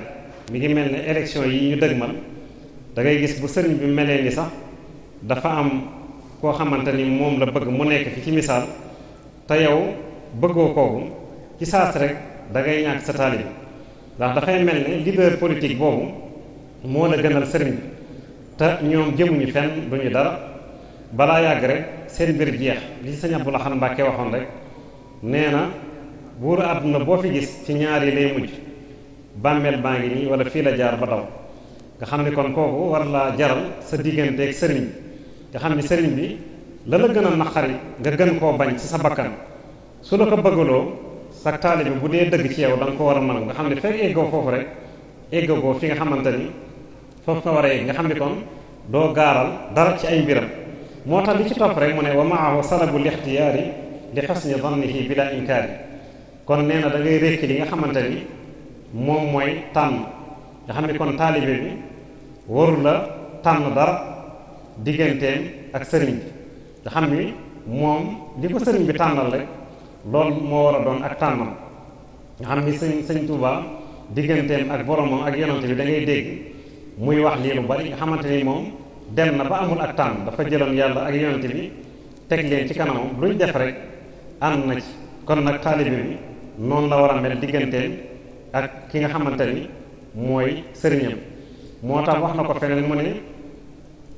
mi ngi mel ni élection yi ñu dëgmal da ngay gis bu sëriñ bi melee ni sax dafa am koo xamante ni moom la bëgg mu nekk fi ci misaal te yow bëggoo kooku ci saas rek da ngay ñàkk sa taalib ndax dafay mel ne leader politique boobu moo la gënal sëriñ te ñoom jëmuñu fenn duñu dara balaa yàgg rek seen mbir jeex li ci sëñ Abdou Lahad Mbàkke waxoon rek nee na buuru àdduna boo fi gis ci ñaar yi lay mujj bàmmeel baa ngi nii wala fii la jaar ba daw nga xam ne kon kooku war laa jaral sa digganteeg sëriñ nga xam ne sëriñ bi la la gën a naqari nga gën koo bañ ci sa bakkan su la ko bëggaloo sa taalibe bu dee dëgg ci yaw da ko war a nangu nga xam ne fekk eggoo foofu rek eggoo fi nga xamante ni foofu nga war a yi nga xam ne kon doo gaaral dara ci ay mbiram moo tax li ci topp rek mu ne wa maahu salabu lixtiyaari li xusni dannihi bila inkaari kon nee kon da ngay rékki li nga xamante ni moom mooy tànn nga xam ne kon taalibe bi waru la tànn dara digganteem ak sëriñ bi nga xam ni moom li ko sëriñ bi tànnal rek loolu moo war a doon ak tànnam nga xam ni sëñ sëñ Touba digganteem ak boromam ak yonante bi da dégg muy wax lii lu bari nga xamante ni moom dem na ba amul ak tànn dafa jëloon yàlla ak yonent bi teg leen ci kanamam luñ def rek ànd na ci kon nag taalibe bi noonu la war a mel digganteem ak ki nga xamante ni mooy sëriñam moo tax wax na ko feneen mu ne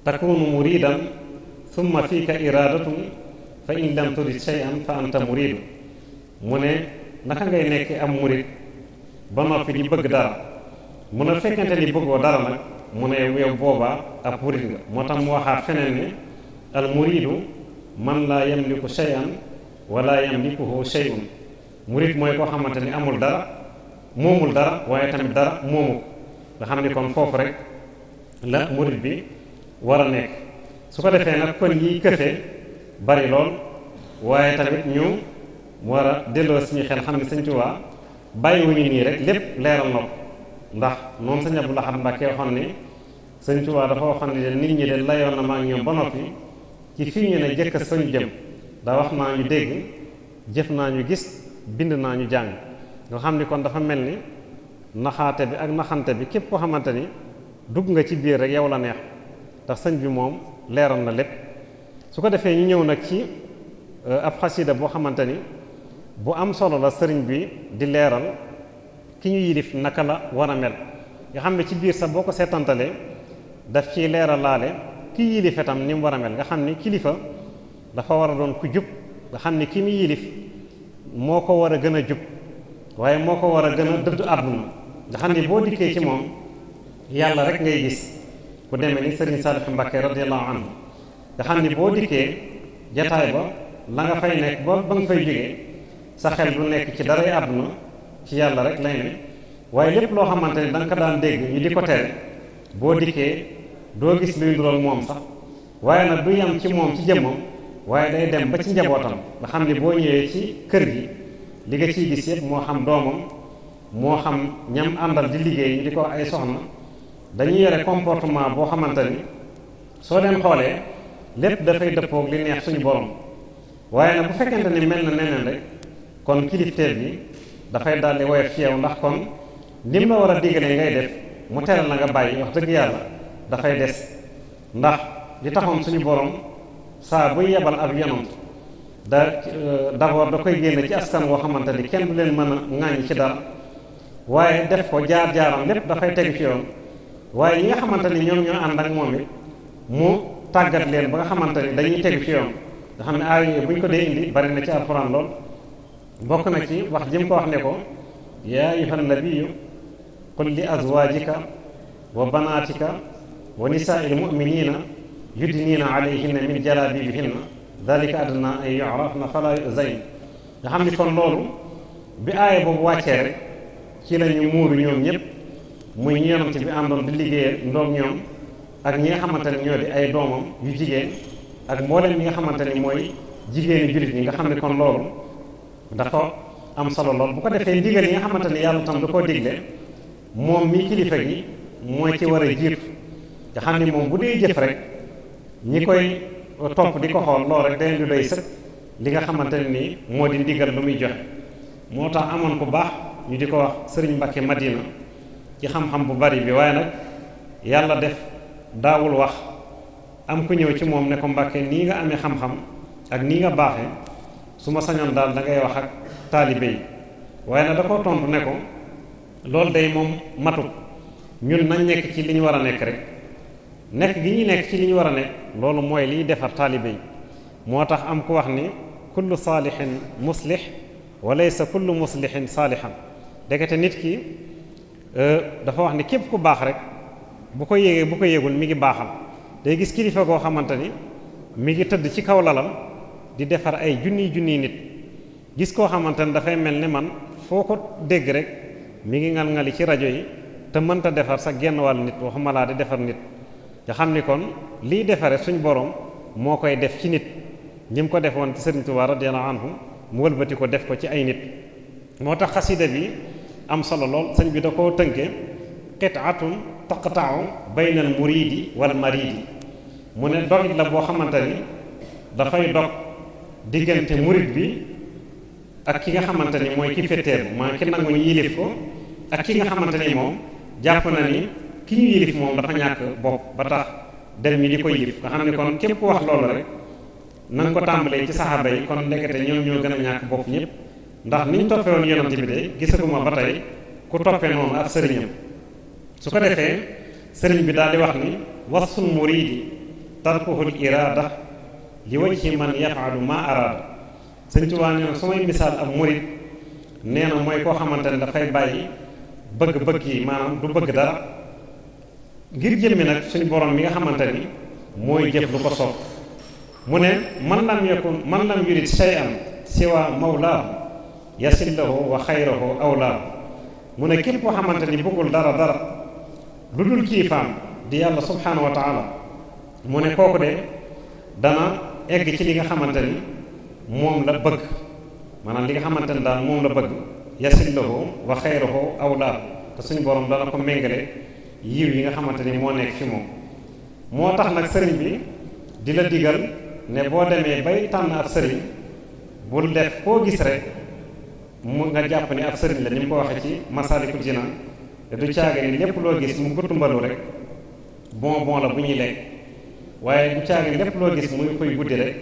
takunu muridan summa fiika iradatun fa in lam turid shay'an fa anta muridu mu ne naka ngay nekk am murid ba noppi di bëgg dara mu ne fekkente ni bëggoo dara nag mu ne yow boobaa ab murid nga moo tax mu waxaat feneen ne al muridu man laa yamliku shay'an wala yamlikuhu shay'un murid mooy koo xamante ni amul dara moomul dara waaye tamit dara moomu ko nga xam ni kon foofu rek la murid bi war a nekk su ko defee nag kon yiy këfee bari lool waaye tamit ñu war a delloo suñu xel xam ne Sëñ Tuubaa bàyyiwuñu nii rek lépp leeral na ko ndax moom sëñ Abdou Lahad Mbacke waxoon ne sëñ Tuubaa dafa waxoon ne nit ñi de layoon na maa ngi ñoom ba ci fii ñu ne jëkk sañ jëm daa wax naa ñu dégg jëf naa ñu gis bind naa ñu jàng nga xam ni kon dafa mel ni naxaate bi ak naxante bi képp koo xamante ni dugg nga ci biir rek yow la neex ndax sëñ bi moom leeral na lépp su ko defee ñu ñëw nag ci euh, ab xasida boo xamante ni bu am solo la sëriñ bi di leeral ki ñu yilif naka la war a mel nga xam ne ci biir sax boo ko seetantalee daf ciy leeral laale ki yilif itam ni war a mel nga xam ne kilifa dafa war a doon ku jub nga xam ne ki mu yilif moo ko war a gën a jub waaye moo ko war a gën a dëdd àdduna nga xam ne boo dikkee ci moom yàlla rek ngay gis ku demee ni Serigne Salif Mbacké radiyallahu anhu nga xam ne boo dikkee jataay ba la nga fay nekk ba ba nga fay jógee sa xel du nekk ci daray àdduna ci yàlla rek lay ne waaye lépp loo xamante ne da ko daan dégg ñu di ko tere boo dikkee doo gis luy nduroog moom sax waaye nag du yam ci moom ci jëmmam waaye day dem ba ci njabootam nga xam ni boo ñëwee ci kër gi li nga ciy gis yëpp moo xam doomam moo xam ñam àndal di liggéey ñu di ko ay soxna dañuy yore comportement boo xamante ni soo leen xoolee lépp dafay dëppoog li neex suñu borom waaye nag bu fekkente ni mel na neneen rek kon kilifteef bi dafay daal di woyof ci ndax kon lim la war a digale ngay def mu tere la nga bàyyi wax dëgg yàlla dafay des ndax di taxoon suñu borom saa buy yebal ab yonant da euh, d'abord da koy génne ci askan woo xamante ni kenn du leen mën a ŋàññi ci dara waaye def ko jaar-jaaram lépp dafay tegu ci yoon waaye ñi nga xamante ni ñoom ñoo ànd ak moom it mu tàggat leen ba nga xamante ni dañuy tegu ci yoon nga xam ne aay yooyu bu ñu ko dee indi bari na ci alxuraan lool bokk na ci wax jëm ko wax ne ko ya ayyuhan nabiyyu qul li azwaajika wa banaatika wa nisaa'il mu'miniina yudniina alayhinna min jalaabiibihinna dalika adnaa an yu'rafna falaa yu'zayn nga xam ni kon loolu bi aaya boobu wàccee rek ci la ñu muuru ñoom ñëpp muy ñu yonante bi àndoon di liggéeyee ndoom ñoom ak ñi nga xamante ne ñoo di ay doomam yu jigéen ak mboolem ñi nga xamante ni mooy jigéeni jullit ñi nga xam kon loolu ndax dafa am solo lool bu ko defee ndigal yi nga xamante ne yàlla tam da koo digle moom mi kilifa gi mooy ci war a jiitu nga xam ne moom bu dee jëf rek ñi koy topp di ko xool lool rek dañ di doy sëkk li nga xamante ne nii moo di ndigal lu muy joxe moo tax amoon ku baax ñu di ko wax sëriñ Mbacke Madina ci xam-xam bu bari bi waaye nag yàlla def daawul wax am ku ñëw ci moom ne ko Mbacke nii nga amee xam-xam ak nii nga baaxee su ma sañoon daal dangay wax ak taalibe yi waaye nag da koo tontu ne loolu day moom matuk ñun nañ nekk ci li ñu war a nekk rek nekk gi ñuy nekk ci li ñu war a nekk loolu mooy liy defar taalibe yi moo tax am ku wax ni kullu saalixin muslix wa laysa kullu muslixin saalixan dekete nit ki euh, dafa wax ni képp ku baax rek bu ko yéegee bu ko yéegul mi ngi baaxal day gis kilifa goo xamante ni mi ngi tëdd ci kaw lalam di defar ay junniy junniy nit gis koo xamante ne dafay mel ni man foo ko dégg rek mi ngi ngal ngali ci rajo yi te mënta defar sa genn wàll nit waxuma laa di defar nit nga xam ni kon liy defare suñ boroom moo koy def ci nit ñi mu ko defoon ci Sëriñ Tuubaa radiyallahu anhu mu wëlbati ko def ko ci ay nit moo tax xasida bi am solo lool sëñ bi da koo tënke qit'atun taqta'u bayna al muridi wal maridi mu ne dogit la boo xamante ni dafay dog diggante murit bi ak ki nga xamante ni mooy ki fetteeru maa ki nangu ñu yilif ko ak ki nga xamante ni moom jàpp na ni ki ñu yilif moom dafa ñàkk bopp ba tax dem yi di ko yilif nga xam ne kon képp wax loolu rek na ko tàmbalee ci saxaaba yi kon ndekete ñoom ñoo gën a ñàkk bopp ñëpp ndax niñ toppee woon bi de gisaguma ba tey ku toppee noonu ak sëriñam su ko defee sëriñ bi daal wax ni wasul muridi tarkuhul irada li wajhi man yafalu ma araada sëñ Tuubaa nee na su may misaal ab murit nee na mooy koo xamante ne dafay bàyyi bëgg-bëgg yi maanaam du bëgg dara ngir jëmmi nag suñu borom mi nga xamante ni mooy jëf lu ko soob mu ne man lam yakun man lam yurid shay'an siwa mawlaahu yasillahu wa xayrahu awlaahu mu ne képp koo xamante ni bëggul dara dara lu dul kii faam di yàlla subhaanahu wa mu ne kooku de dana egg ci li nga xamante ni moom la bëgg maanaam li nga xamante ni daan moom la bëgg yasin ko wa xayruhu awlaa te suñu borom dana ko méngale yiw yi nga xamante ni moo nekk fi moo tax nag sëriñ bi di la digal ne boo demee bay tànn ab sëriñ bul def koo gis rek mu nga jàpp ni ab sëriñ la ni mu ko waxee ci masaa Masaalikul Jinaan te du caaga ni lépp loo gis mu guttumbalu rek bon bon la bu ñuy lekk waaye bu caagin lépp loo gis muy koy guddi rek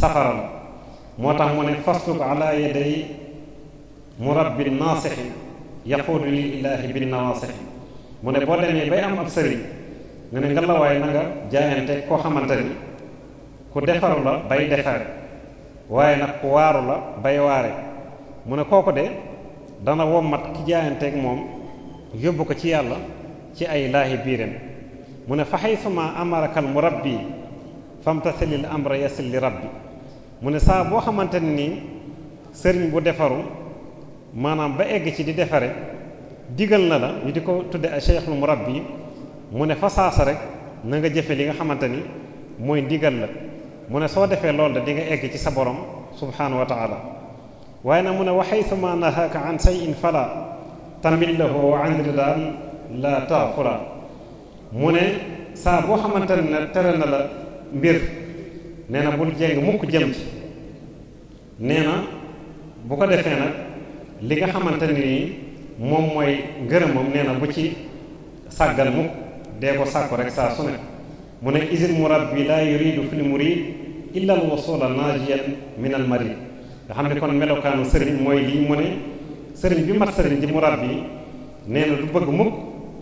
safara la moo tax mu ne fasluku ala yaday murabbin naasixi yaquudu lil ilaahi bin nawaasixi mu ne boo demee bay am ab sëriñ nga ne nga la waaye koo xamante ni ku defaru la bay defare waaye nag ku waaru la bay waare mu ne kooku de dana wommat ki jaayanteeg moom yóbbu ko ci yàlla ci ay laahi biiram mu ne fa xaysuma amarakal murabbi famtasilil amra yasil li rabbi mu ne saa boo xamante ne nii sëriñ bu defaru maanaam ba egg ci di defare digal na la ñu di ko tudde a cheikhul murabbi mu ne fa saasa rek na nga jëfe li nga xamante ni mooy ndigal la mu ne soo defee loolu da di nga egg ci sa borom subhanahu wa waaye nag mu ne wa xaysuma nahaka an sayin fala tamil lahu an rida la taxura mu ne saa boo xamante ne tere na la mbir nee na bul jéng mukk jëm ci nee na bu ko defee nag li nga xamante ne nii moom mooy ngërëmam nee na bu ci sàggan mukk dee ko sàkku rek saa su ne mu ne isil murabbi laa yuridu fil murid illa al wasula najiyan min al marid nga xam ne kon melokaanu sëriñ mooy lii mu ne sëriñ bi mat sëriñ di murabbi nee na du bëgg mukk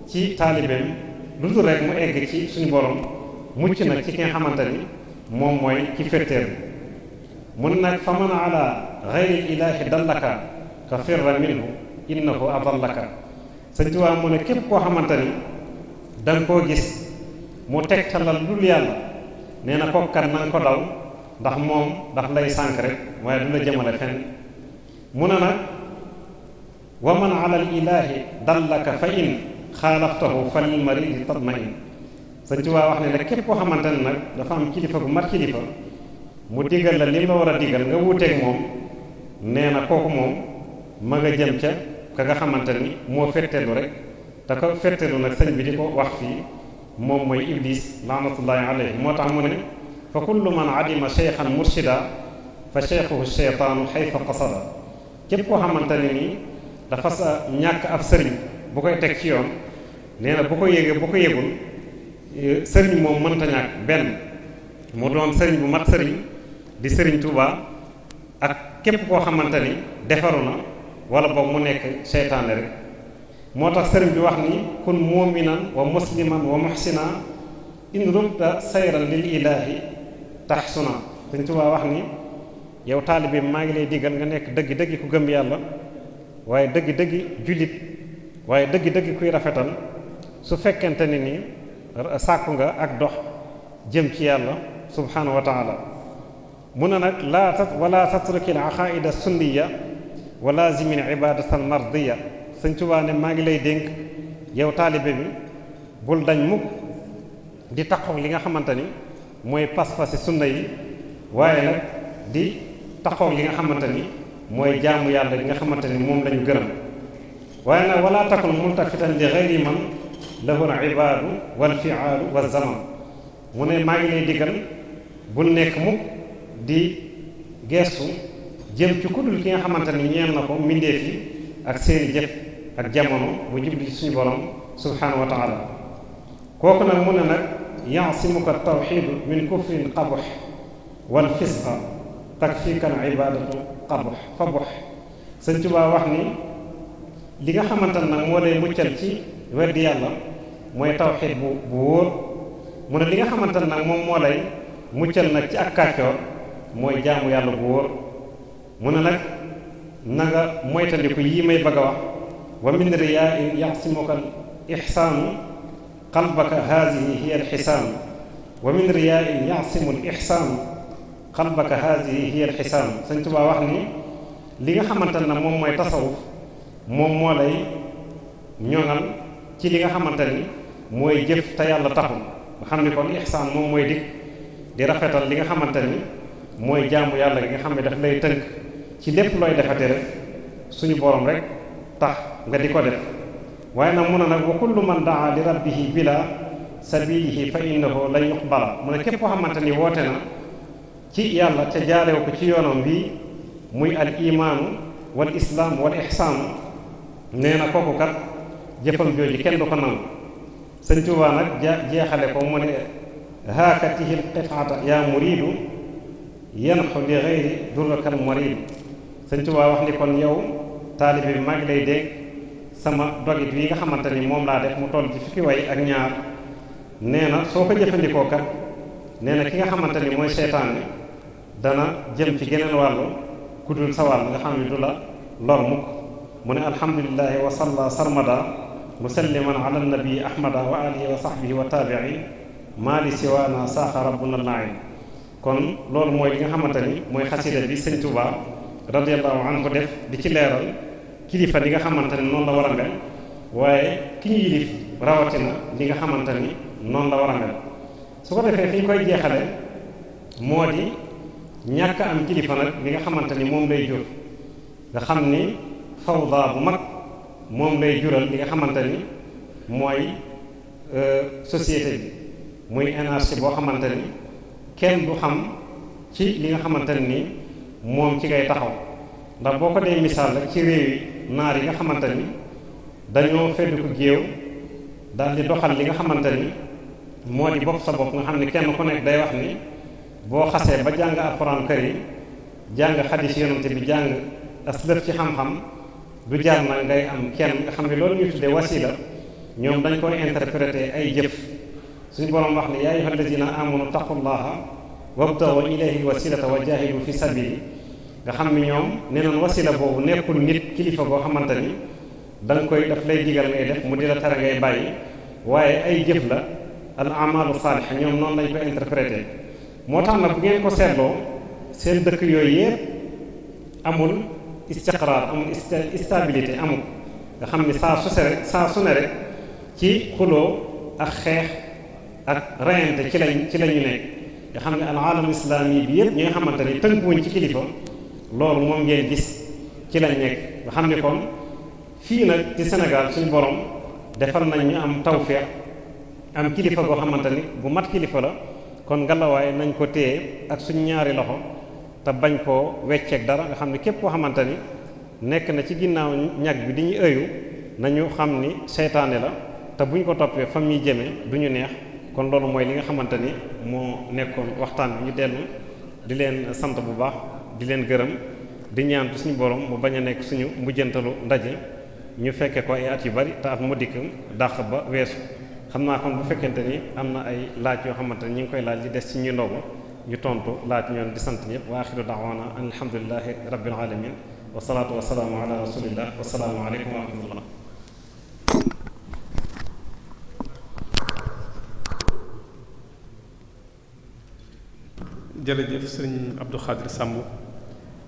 ci taalibeem lu dul rek mu egg ci suñu borom mucc nag ci ki nga xamante ni moom mooy ci féttéer mu ne nag fa a ala xayri ilaahi dallaka ka firra minhu innahu adallaka sëñ Tuubaa mu ne képp koo xamante ni da koo gis mu tegtalal lu dul yàlla nee na kokkat na nga ko daw ndax moom ndax lay sànk rek waaye du la jëmale fenn mu ne nag wa man ala al ilaahi dallaka fa in xaalaftahu fan yu mari di tatmain sëñ Tuubaa wax ne nag képp koo xamante ni nag dafa am kilifa gu mat kilifa mu digal la li la war a digal nga wuuteeg moom nee na kooku moom ma nga jëm ca ka nga xamante ni moo fetteelu rek te ko fetteelu nag sëñ bi di ko wax fii moom mooy iblis laanatullahi alayhi moo tax mu ne fa kullu man adima cheikhan murshida fa cheikhuhu cheytaanu xayfa qasada képp koo xamante ne nii dafa sa ñàkk ab sëriñ bu koy teg ci yoon nee na bu ko yëgee bu ko yëgul sëriñ moom mënta ñàkk benn mu doon sëriñ bu mat sëriñ di sëriñ Touba ak képp koo xamante ni defaru na wala boog mu nekk seytaane rek moo tax sëriñ bi wax ni kun muminan wa musliman wa muhsina in rumta sayran lil ilaahi tahsuna sëriñ Touba wax ni yow taalibe maa ngi lay diggal nga nekk dëgg dëgg ku gëm yàlla waaye dëgg dëgg jullit waaye dëgg dëgg kuy rafetal su fekkente ni nii sàkku nga ak dox jëm ci yàlla subhanahu wa taala mun na nag laa tat wala tatruki al aqaida sunniya wa lazimin ibadatan mardiya sëñ Tuubaa ne maa ngi lay dénk yow taalibe bi bul dañ mukk di taqoog li nga xamante ni mooy pas-pasi sunna yi waaye nag di taqoog li nga xamante ni mooy jaamu yàlla li nga xamante ni moom lañu gërëm waaye nag wala takun multafitan li ghayri man lahul ibaadu wal wa zaman mu ne maa ngi lay diggal bu nekk mukk di gestu jëm ci ku ki nga xamante ni ñeel na ko mbindeef yi ak seeni jëf ak jamono bu jubli ci suñu borom subhaanahu wa taala kooku nag mu ne nag yaasimuka tawxidu min kufrin qabox wal fisqa takfikan ibadatu qabox fabox sëñ Tuubaa wax ni li nga xamante nag moo lay muccal ci weddi yàlla mooy tawxiid bu bu wóor mu ne li nga xamante ne nag moom moo lay muccal nag ci ak kàccoor mooy jaamu yàlla bu wóor mu ne nag na nga moytandiku yii may bëgg a wax wa min riyaa in yaxsimuka al ixsaanu qalbaka haadihi hiya al xisaanu wa min riyaa in yaxsimu al ixsaanu qalbaka haadihi hiya wax ni li nga xamante ne moom mooy tasawuf moom moo lay ñoŋal ci li nga xamante ni mooy jëf te yàlla taxul nga xam ni kon ihsaan moom mooy dikk di rafetal li nga xamante ni mooy jaamu yàlla gi nga xam ne daf lay tënk ci lépp looy defate rek suñu boroom rek tax nga di ko def waaye nag mun a nag wa kullu man daa li rabbihi bila sabilihi fa innahu lan yuqbala mu ne képp koo xamante ni woote na ci yàlla ca jaarew ko ci yoonam bii muy al imaanu wal islaam wal ihsaanu nee na kooku jëfam jooju kenn du ko nangu sëñ Tuubaa nag jeexale ko mu ne haakatihil qitaata yaa muriidu yanxu li xayri durrakal muriidu sëñ Tuubaa wax ni kon yow taalibe bi maa ngi lay dégg sama dogit yi nga xamante ni moom laa def mu toll ci fukki way ak ñaar nee na soo ko jëfandikoo kat nee na ki nga xamante ni mooy seytaan dana jëm ci geneen wàllu ku dul sa wàll nga xam ne du la lor mukk mu ne alhamdulilahi wa sarmada musalliman ala nabi ahmada wa alihi wa sahbihi wa taabii maali saaxa rabbuna naim kon loolu mooy li nga xamante ni mooy xasida bi sëñ Touba radiallahu anhu def di ci leeral kilifa li nga xamante ni noonu la war a mel waaye ki ñu nga xamante ni noonu la war a mel su ko defee fi ñu koy jeexale moo di ñàkk am kilifa nag li nga xamante ni moom lay jur nga xam ni fawda bu mag moom lay jural li nga xamante ni mooy euh, société bi muy énergie boo xamante ni kenn bu xam ci li nga xamante nii moom ci ngay taxaw ndax boo ko dee misaal rek ci réew yi naar yi nga xamante ni dañoo fedd ko géew daal di doxal li nga xamante ni moo di bopp sa bopp nga xam ne kenn ku nekk day wax ni boo xasee ba jàng alxuraan karim jàng ci yonante bi jàng aslëf ci xam-xam du jar nag ngay am kenn nga xam ne loolu ñu tuddee wasila ñoom dañ koy interpréter ay jëf suñu borom wax ne yaa ayyuha allazina amanu taqullaha wabtagu ilayhi wasilata wa jahidu fi sabili nga xam ne ñoom nee nañ wasila boobu nekkul nit kilifa boo xamante ni da nga koy daf lay digal ngay def mu di la tere ngay bàyyi waaye ay jëf la al amalu saaliha ñoom noonu lañ koy interpréter moo tax na bu ngeen ko seetloo seen dëkk yooyu yépp amul istiqraar amul stabilité amul nga xam ne saa su rek saa su ci xuloo ak xeex ak reyante ci lañ ci la ñu nekk nga xam ne al alam islami bi yëpp ñi nga xamante ni tënkuwuñ ci kilifa loolu moom ngeen gis ci lañ nekk nga xam ne kon fii nag ci senegal suñu borom defal nañ ñu am tawfeex am kilifa goo xamante ni bu mat kilifa la kon ngallaawaay nañ ko téye ak suñ ñaari loxo. te bañ koo wecceeg dara nga xam ne képp koo xamante ni nekk na ci ginnaaw ñag bi di ñu ëyu nañu xam ni seytaane la te buñ ko toppee fam ñuy jëmee du ñu neex kon loolu mooy li nga xamante ni moo nekkoon waxtaan bi ñu dellu di leen sant bu baax di leen gërëm di ñaan suñu borom mu bañ a nekk suñu mujjantalu ndaje ñu fekkee ko ay at yu bari te at mu dikk dàq ba weesu xam naa kon bu fekkente ni am na ay laaj yoo xamante ni ñu ngi koy laaj li des ci ñu ñu tontu laaj ñoon di sant ñëpp wa axiru da'wana alhamdulillahi rabbil alamin wa salaatu wa salaamu ala wa salaamu aleykum wa rahmatullah jërëjëf sëñ Abdou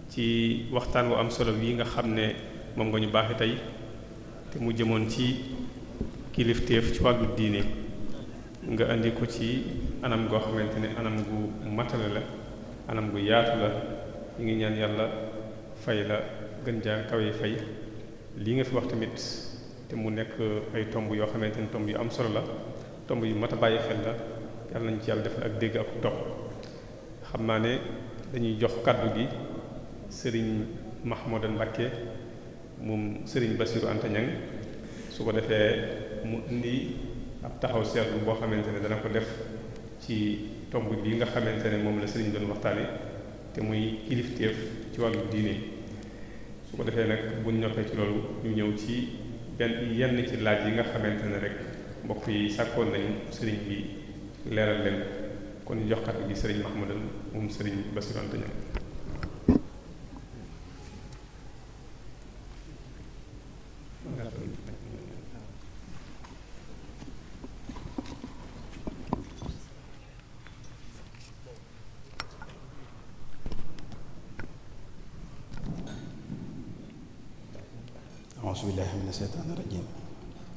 ci waxtaan wu am solo yi nga xam ne moom nga ñu baaxe tey te mu jëmoon ci kilifteef ci wàllu diine nga indi ko ci anam goo xamante ne anam gu matale la anam gu yaatu la ñu ngi ñaan yàlla fay la gën jaa kawe fay lii nga fi wax tamit te mu nekk ay tomb yoo xamante ne tomb yu am solo la tomb yu mat a bàyyi xel la yàlla nañ ci yàlla defal ak dégg ak dox xam naa ne dañuy jox kàddu gi sëriñ Mahmoudan Mbacké moom sëriñ Bassirou Anta Niang su ko defee mu indi ab taxaw seetlu boo xamante ne dana ko def ci tomb bi nga xamante ne moom la sëriñ doon waxtaane te muy kilifteef ci wàllu diine su ko defee nag buñ noppee ci loolu ñu ñëw ci benn yenn ci laaj yi nga xamante ne rek mbokk yi sàkkoon nañu sëriñ bi leeral leen kon jox kàddu gi sëriñ Mahmoudan moom sëriñ Bassirou Anta Niang asubillahi mina sheytaani rajim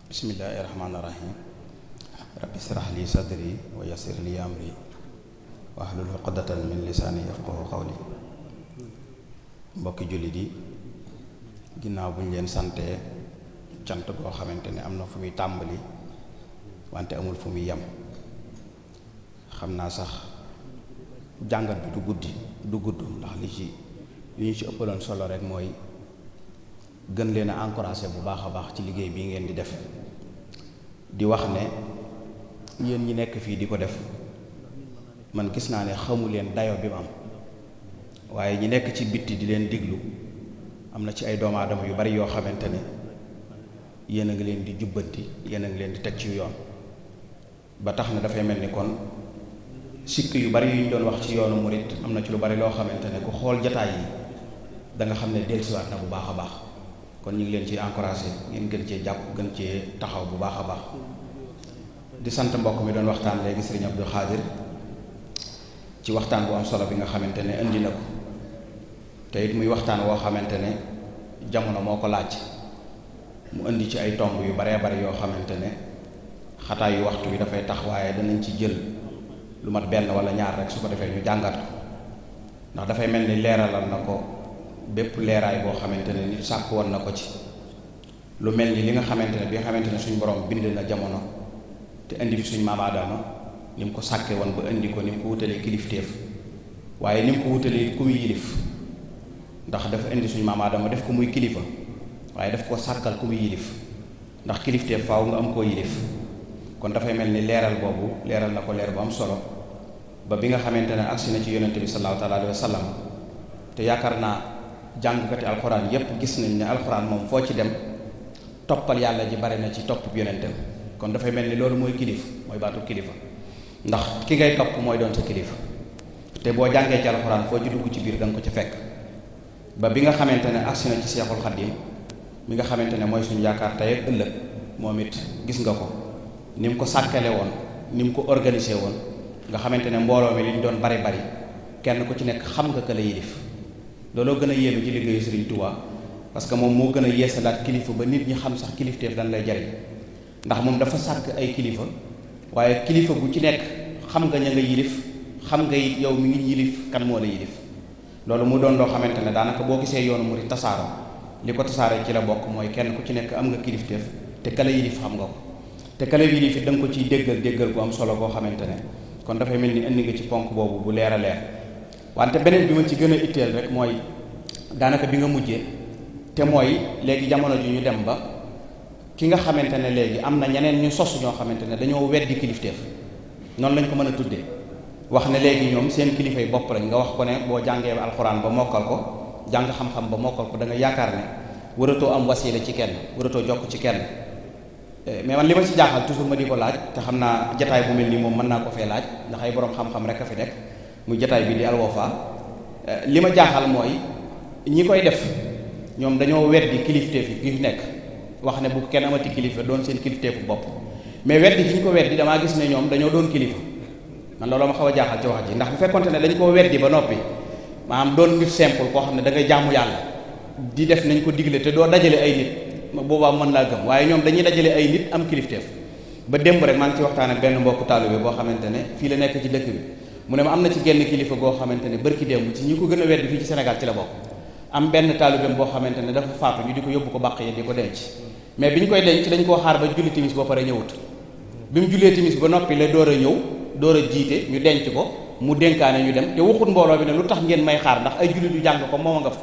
bismillahi rahmaani rahim rabbi israh li sadri wa yassir li amri wahlul uqdatan min lisaani yafqahu qawli mbokki jullit yi ginnaaw bu ñu leen sante cant boo xamante ne am na fu muy tàmbali wante amul fu muy yem xam naa sax jàngat bi du guddi du gudd ndax li ci li ñu ci ëppaloon solo rek mooy gën leen a bu baax a baax ci liggéey bii ngeen di def di wax ne yéen ñi nekk fii di ko def man gis naa ne xamu leen dayo bi mu am waaye ñi nekk ci bitti di leen diglu am na ci ay doomu aadama yu bari yoo xamante ne yéen a ngi leen di jubbanti yéen a ngi leen di teg ci yoon ba tax na dafay mel ni kon sikk yu bari yu ñu doon wax ci yoonu murit am na ci lu bari loo xamante ne ku xool jataay yi da nga xam ne dellusiwaat na bu baax a baax kon ñu ngi leen ci encouragé ngeen gën cee jàpp gën cee taxaw bu baax a baax di sant mbokk mi doon waxtaan léegi sëriñ Abdou Khadir ci waxtaan bu am solo bi nga xamante ne indi na ko tey it muy waxtaan woo xamante ne jamono moo ko laaj mu indi ci ay tomb yu baree bari yoo xamante ne xataa yu waxtu bi dafay tax waaye danañ ci jël lu mat benn wala ñaar rek su ko defee ñu jàngat ko ndax dafay mel ni leeralal na ko bépp leeraay boo xamante ne nit sàkk woon na ko ci lu mel ni li nga xamante ne bi nga xamante ne suñu borom bind na jamono te indi fi suñ maam Aadama ni mu ko sàkke woon ba indi ko ni mu ko wutalee kilifteef waaye ni mu ko wutalee kuy yilif ndax dafa indi suñu maam Aadama def ko muy kilifa waaye daf ko sàkkal ku muy yilif ndax kilifteef faw nga am koo yilif kon dafay mel ni leeral boobu leeral na ko leer bu am solo ba bi nga xamante ne agsi na ci yonente bi sallallahu taala jàngkati alxuraan yépp gis nañ ne alxuraan moom foo ci dem toppal yàlla ji bari na ci topp yonentam kon dafay mel ni loolu mooy kilifa mooy baatu kilifa ndax ki ngay topp mooy doon sa kilifa te boo jàngee ci alxuraan foo ci dugg ci biir da nga ko ci fekk ba bi nga xamante ne agsi na ci seexul xaddim mi nga xamante ne mooy suñu yaakaar te ak ëllëg moom it gis nga ko ni mu ko sàkkale woon ni mu ko organisé woon nga xamante ne mbooloo mi li doon bari bari kenn ku ci nekk xam nga ka looloo gën a yéeme ci liggéeyu Serigne Touba parce que moom moo gën a yeesalaat kilifa ba nit ñi xam sax kilifteef lan lay jariñ ndax moom dafa sàkk ay kilifa waaye kilifa gu ci nekk xam nga ña yilif xam nga it yow mi ngi yilif kan moo la yilif loolu mu doon loo xamante ne daanaka boo gisee yoonu mu di tasaaro li ko tasaare ci la bokk mooy kenn ku ci nekk am nga kilifteef te kala yilif xam nga ko te kala yilif it da nga ko ciy déggal déggal gu am solo goo xamante ne kon dafay mel ni indi ci ponk boobu bu leer leer wante beneen bi ma ci gën a itteel rek mooy daanaka bi nga mujjee te mooy léegi jamono ju ñu dem ba ki nga xamante ne léegi am na ñeneen ñu sos ñoo xamante ne dañoo weddi kilifteef noonu lañ ko mën a tuddee wax ne léegi ñoom seen kilifa yi bopp lañ nga wax ko ne boo jàngee alxuraan ba mokkal ko jàng xam-xam ba mokkal ko da nga yaakaar ne waratoo am wasiila ci kenn waratoo jokk ci kenn eh, mais man li ma ci jaaxal toujours ma di ko laaj te xam naa jataay bu mel nii moom mën naa ko fee laaj ndax ay borom xam rek a fi nekk mu jataay bi di alwafa eh, li ma jaaxal mooy ñi koy def ñoom dañoo weddi kilifteef yi fi nekk wax ne bu kenn amati kilifa doon seen kilifteefu bopp mais weddi fi ñu ko weddi damaa gis ne ñoom dañoo doon kilifa man looloo ma xaw jaaxal ci wax ji ndax bu fekkonte ne dañ koo weddi ba noppi maanaam doon nit simple koo xam ne da ngay jaamu yàlla di def nañ ko digle te doo dajale ay nit boobaa mën laa gëm waaye ñoom dañuy dajale ay nit am kilifteef ba démb rek maa ngi ci waxtaan ak benn mbokku bi boo xamante ne fii la nekk ci dëkk bi mu ne ma am na ci genn kilifa goo xamante ne bërki démb ci ñi ko gën a weddi fii ci Sénégal ci la bokk am benn taalibeem boo xamante ne dafa faatu ñu di ko yóbbu ko bàq yi di ko denc mais bi ñu koy denc dañ koo xaar ba julli timis ba pare ñëwut bi mu jullee timis ba noppi la door a ñëw door a jiite ñu denc ko mu dénkaane ñu dem te waxut mbooloo bi ne lu tax ngeen may xaar ndax ay jullit yu jàng ko moom a nga fa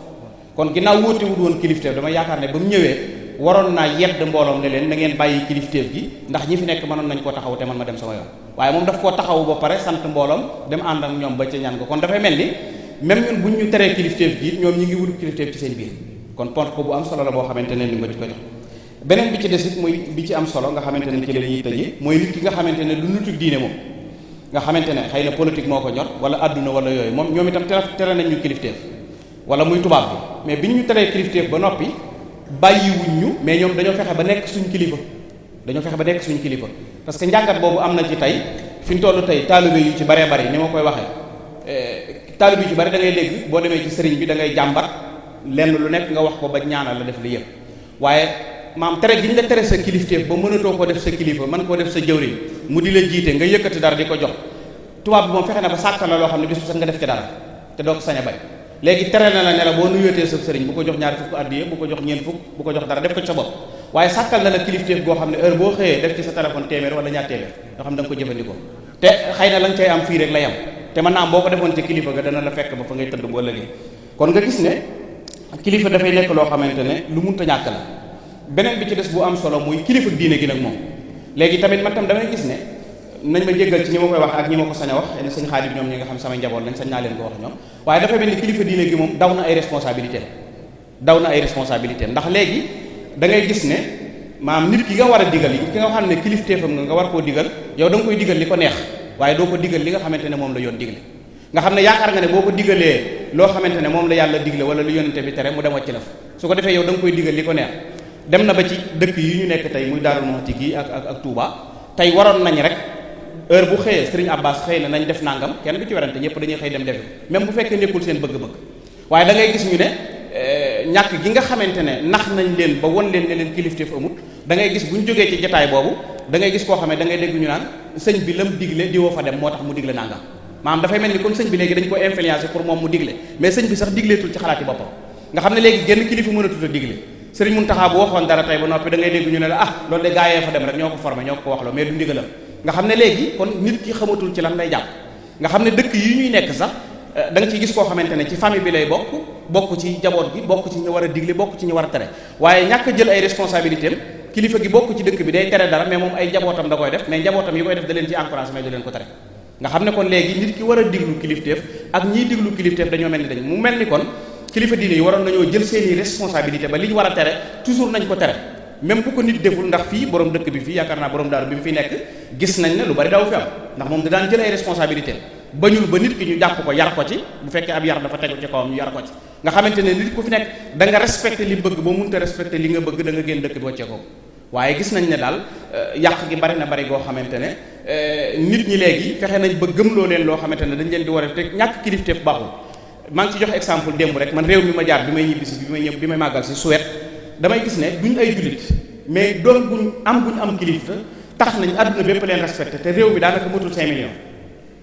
kon ginnaaw wóote wut woon kilifteef dama yaakaar ne mu ñëwee waroon naa yedd mbooloom ne leen na ngeen bàyyi kilifteef gi ndax ñi fi nekk mënoon nañ koo taxaw te man ma dem sama yoon waaye moom daf koo taxaw ba pare sant mbooloom dem ànd ak ñoom ba ca ñaan ko kon dafay mel ni même ñun buñ ñu teree kilifteef gi ngi wut kilifteef ci seen biir kon pont ko bu am solo la boo xamante ne ni nga ci ko beneen bi ci des it muy bi ci am solo nga xamante ne ci la ñuy tëjee mooy nit ki nga xamante ne du nitu diine moom nga xamante ne xëy na politique moo ko ñor wala àdduna wala yooyu moom ñoom itam tere tere nañ ñu kilifteef wala muy tubaab bi mais bi ñu teree kilifteef ba noppi bàyyiwuñ ñu mais ñoom dañoo fexe ba nekk suñ kilifa dañoo fexe ba nekk suñu kilifa parce que njàngat boobu am na ci tey fi ñu toll tey taalibe yu ci baree bari ni ma koy waxee eh, taalibe yu ci bare dangay ngay dégg boo demee ci sëriñ bi da ngay jàmbat lenn lu nekk nga wax ko ba ñaanal la def li yëpp waaye maam tere gi ñu la tere sa kilifteef ba mënatoo koo def sa kilifa man koo def sa jëwriñ mu di la jiite nga yëkkati dara di ko jox tubaab bi moom fexe na ba sàkkal loo xam ne bis bu nga def ci dara te doo ko sañ léegi tere na la ne boo nuyootee sa sëriñ bu ko jox ñaari fukk addiye bu ko jox ñeent fukk bu ko jox dara def ko ci sa bopp waaye sàkkal na la kilifteef goo xam ne heure boo xëyee def ci sa téléphone téeméer wala ñaar téeméer yoo xam ne da ko jëfandikoo te xëy na la nga am fii rek la yam te mën naa boo ko defoon ci kilifa ga dana la fekk ba fa ngay tëdd bu ëllëgee kon nga gis ne kilifa dafay nekk loo xamante ne lu munta ñàkk la beneen bi ci des bu am solo muy kilifa diine gi nag moom léegi tamit man tam damay gis ne nañ ma jéggal ci ñi ma koy wax ak ñi ma ko sañ a wax en sëñ xaadim ñoom ñi nga xam samay njaboot lañ sañ naa leen ko wax ñoom waaye dafa mel ni kilifa diine gi moom daw na ay responsabilité daw na ay responsabilité ndax léegi da ngay gis ne maam nit ki nga war a digal yi ki nga xam ne kilifteefam nga nga war koo digal yow da koy digal li ko neex waaye doo ko digal li nga xamante ne moom la yoon digle nga xam ne yaakaar nga ne boo ko digalee loo xamante ne la yàlla digle wala lu yonente bi tere mu dem wàcc la fa su ko defee yow koy digal li ko neex na ba ci dëkk yi ñu nekk tey muy Daaru Muxti gi ak ak ak Touba tey waroon nañ rek heure bu xëyee Serigne Abbas xëy na nañ def nangam kenn du ci werante ñëpp dañuy xëy dem defi même bu fekkee nekkul seen bëgg-bëgg waaye da gis ñu ne eh, ñàkk gi nga xamante ne nax nañ leen ba won leen ne leen kilifteef amut da ngay gis bu ñu jógee ci jataay boobu da ngay gis koo xam ne dégg ñu naan sëñ bi lam digle di woo fa dem moo tax mu digle nangam maanaam dafay mel ni comme sëñ bi léegi dañ ko influencé pour moom mu digle mais sëñ bi sax digleetul ci xalaati a digle la ah, nga xam ne léegi kon nit ki xamatul ci lan lay jàpp nga xam ne dëkk yi ñuy nekk sax eh, danga ci ciy gis koo xamante ne ci famille bi lay bokk bokk ci jaboot gi bokk ci ñu war a digle bokk ci ñu war a tere waaye ñàkk a jël ay responsabilité am kilifa gi bokk ci dëkk bi day tere dara mais moom ay jabootam da koy def mais njabootam yi koy def da leen ci encouragé mais leen ko tere nga xam ne kon léegi nit ki war a diglu kilifteef ak ñiy diglu kilifteef dañoo mel ni dañ mu mel ni kon kilifa diine yi waroon nañoo jël seeni responsabilité ba li ñu war a tere toujours nañ ko tere même bu ko nit deful ndax fii borom dëkk bi fii yaakaar naa borom daaru bi mu fi nekk gis nañ ne lu bari daaw fi am ndax moom da daan jël ñu jàpp ko yar ko ci bu fekkee ab yar dafa tegu ci kawam yar ko ci nga xamante ne nit ku fi nekk da nga respecté li bëgg boo mënta respecté li nga bëgg danga nga génn dëkk bi wàcce ko waaye gis nañ ne daal euh, yàq gi bari na bari goo xamante ne euh, nit ñi léegi fexe nañ ba gëmloo leen loo xamante ne dañ leen di war a te ñàkk kilifteef baaxul maa ngi ci jox exemple démb rek man réew mi ma jaar bi may ñibbi si bi may bi may màggal si Suède damay gis ne duñ ay jullit mais doon buñ am buñ am kilifa tax nañ àdduna bépp leen respecté te réew mi daanaka matul 5 millions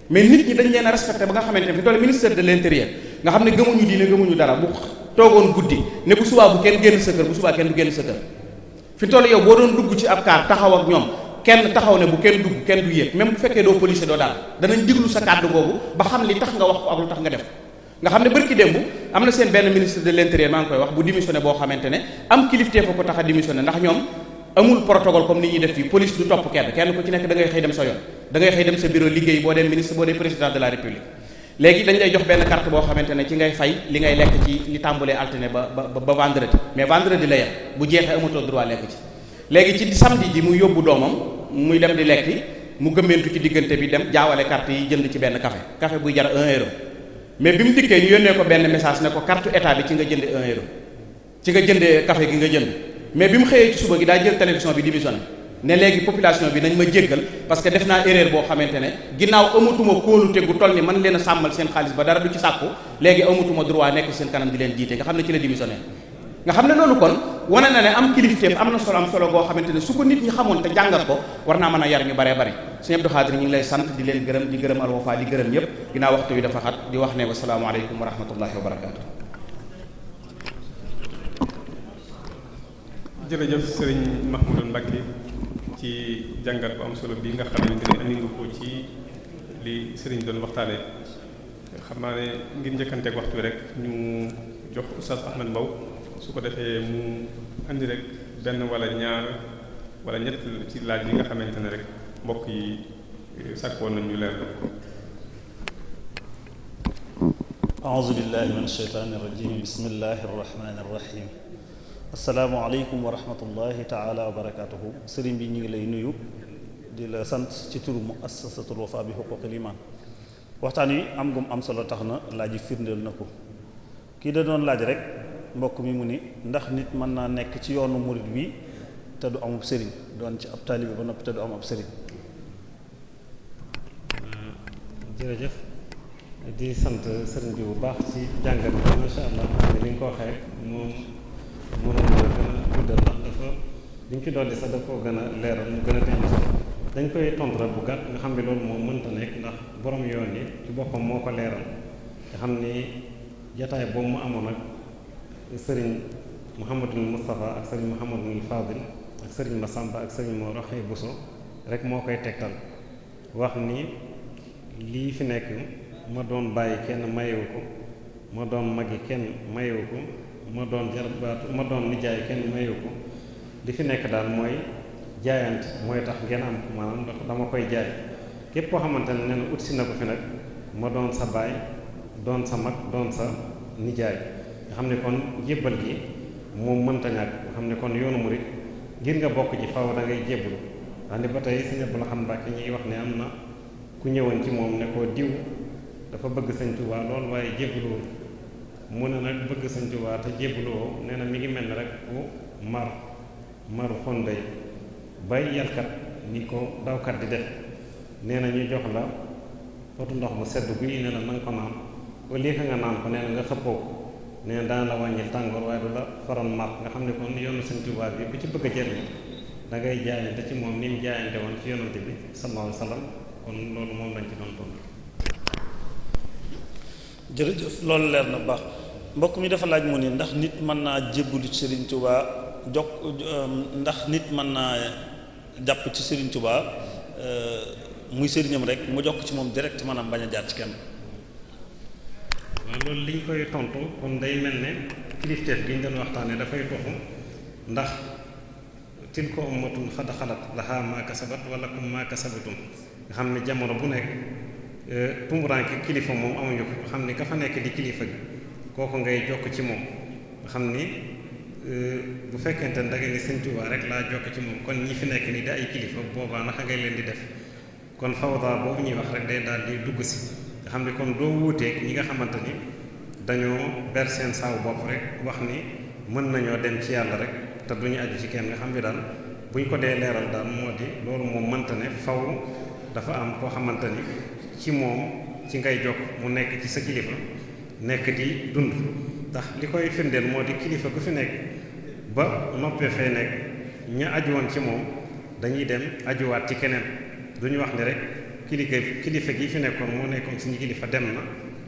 mais nit ñi dañ leen a ba nga xamante ne fi doole ministère de l'intérieur nga xam ne gëmuñu diine gëmuñu dara bu toogoon guddi ne bu subaa bu kenn génn sa kër bu subaa kenn du génn sa kër fi toll yow boo doon dugg ci ab kaar taxaw ak ñoom kenn taxaw ne bu kenn dugg kenn du yéeg même bu fekkee doo policier doo daal danañ diglu sa kàddu boobu ba xam li tax nga wax ko ak lu nga def nga xam ne bërki démb am na seen benn ministre de l'intérieur maa ngi koy wax bu démissionné boo xamante ne am kilifté fa ko tax a ndax ñoom amul protocole comme ni ñuy def fii police du topp kenn kenn ku ci nekk da ngay xëy dem sa yoon da ngay xëy dem sa bureau liggéey boo dee ministre boo dee président de la république léegi dañ lay jox benn carte boo xamante ne ci ngay fay li ngay lekk ci li tàmbulee altine ba ba ba vendredi mais vendredi la yem mu yóbbu doomam muy dem di lekk mu gëmmentu ci diggante bi dem jaawale carte yi jënd ci benn café café buy jar 1 mais bi mu dikkee ñu yónnee ko benn message ne ko carte état bi ci nga jënd un ci nga jëndee café gi nga jënd mais bi mu xëyee ci suba gi daa jël télévision bi démissionné ne léegi population bi nañ ma jéggal parce que def naa erreur boo xamante ne ginnaaw amatuma kóolute gu toll ni man leen sàmmal seen xaalis ba dara du ci sàkku léegi amatuma droit nekk seen kanam di leen jiite nga xam ne ci la démissionné nga xam ne loolu kon wane na ne am kilifteef am na solo am solo goo xamante ne su ko nit ñi xamoon te jàngat ko war naa mën a yar ñu baree bare sëñ Abdou Xaadir ñu ngi lay sant leen gërëm di gërëm Al ñëpp ginnaaw waxtu wi dafa xat di wax ne wasalaamaaleykum wa rahmatullahi wa barakaatu. jërëjëf sëriñ Mahmoudou ci jàngat bu am solo bii nga xamante ne ko ci li sëriñ doon waxtaanee xam naa ne ngir njëkkanteeg waxtu wi rek ñu jox Oustaz Ahmed Mbow. su ko defee mu indi rek benn wala ñaar wala ñett ci laaj yi nga xamante ne rek mbokk yi eh, sàkkoon nañ ñu leer ko aouzu billahi min asheytaani irrajim bismillahi arrahmani irrahim asalaamualeykum wa rahmatullahi taala sëriñ bi ñu ngi lay nuyu di la sant ci turu muassasatul wafa bi xuquqil iman waxtaan wi am gum am solo tax na laaj yi firndeel na ko kii da doon laaj rek mbokk mi mu ni ndax nit mën naa nekk ci yoonu murit bi te du amub sëriñ doon ci ab taalibe ba noppi te du am ab sëriñ euh, jërëjëf di sant sëriñ bi bu baax ci jàngat bi masha ko waxee moom mënoon dafa li ñu ci dolli sax dafa gën a leeral mu gën a tënk dañ koy tontu bu gàtt nga xam ne loolu moo mënta nekk ndax boroom yoon yi ci boppam moo ko leeral nga xam ni jataay boobu mu amoon ak sëriñ Mouhamadul Moustapha ak sëriñ Mouhamadul Fadil ak sëriñ Massamba ak sëriñ Mor Roxee Bousso rek moo koy tegtal wax ni lii fi nekk ma doon bàyyi kenn mayewu ko ma doon magi kenn mayewu ko ma doon jarbaat ma doon nijaay kenn mayewu ko li fi nekk daal mooy jaayant mooy tax ngeen am maanaam dama koy jaay képp koo xamante ne nee na ut si na ko fi nag ma doon sa baay doon sa mag doon sa nijaay xam ne kon jébbal gi moom mënta ñàkk xam ne kon yoonu murit ngir nga bokk ji faw da ngay jébbalu daxnde ba tey sëñ xam Lahad Mbàkke ñuy wax ne am na ku ñëwoon ci moom ne ko diw dafa bëgg sëñ Tuubaa lool waaye jébbaluwul mu ne nag bëgg sëñ Tuubaa te jébbaluwoo nee na mi ngi mel ne rek ku mar maru xonday bay yarkat ni ko dawkat di def nee na ñu jox la potu ndox mu sedd guyi ne la na nga ko naan au lieu nga naan ko nee na nga xëppoo ko nee na daan la wàññil tàngoor waaye du la faral mar nga xam ne kon yoonu Sëñ Tuubaa bi bu ci bëgg a da ngay jaayante moom ni mu jaayante woon ci yonante bi sallallahu alayhi wa sallam loolu moom lañ ci leer na baax mbokk mi defa laaj mu ni ndax nit mën naa jébbalu ci Serigne Touba jokk euh, ndax nit mën naa jàpp ci Serigne Touba euh, muy sëriñam rek mu jokk ci moom direct maanaam bañ a jaar ci kenn. waa loolu liñ koy tontu kon day mel ne kilifteef gi ñu doon waxtaanee dafay toxu ndax tilka ummatun xad xalat lahaa maa kasabat wa lakum maa kasabatum nga xam ne jamono bu nekk euh, tumuraanke kilifa moom amuñu ko xam ne ka fa nekk di kilifa gi kooku ngay jokk ci moom xam ni euh, bu fekkente ne danga ni Sëñ Tuubaa rek laa jokk ci moom kon ñi fi nekk ni di ay kilifa boobaa naka ngay leen di def kon fawda boobu ñuy wax rek day daal di dugg si nga xam ne kon doo wuuteeg ñi nga xamante ni dañoo ber seen saw bopp rek wax ni mën nañoo dem ci yàlla rek te duñu aju ci kenn nga xam ne daal buñ ko dee leeral daal moo di loolu moom mënta ne faw dafa am koo xamante ni ci moom ci ngay jokk mu nekk ci sa kilifa nekk di dund tax li koy firndeel moo di kilifa ku fi nekk ba noppee fee nekk ña aju ci moom dañuy dem ajuwaat ci keneen duñu wax ni rek kilifa kilifa gi fi nekkoon moo nekkoon suñu kilifa dem na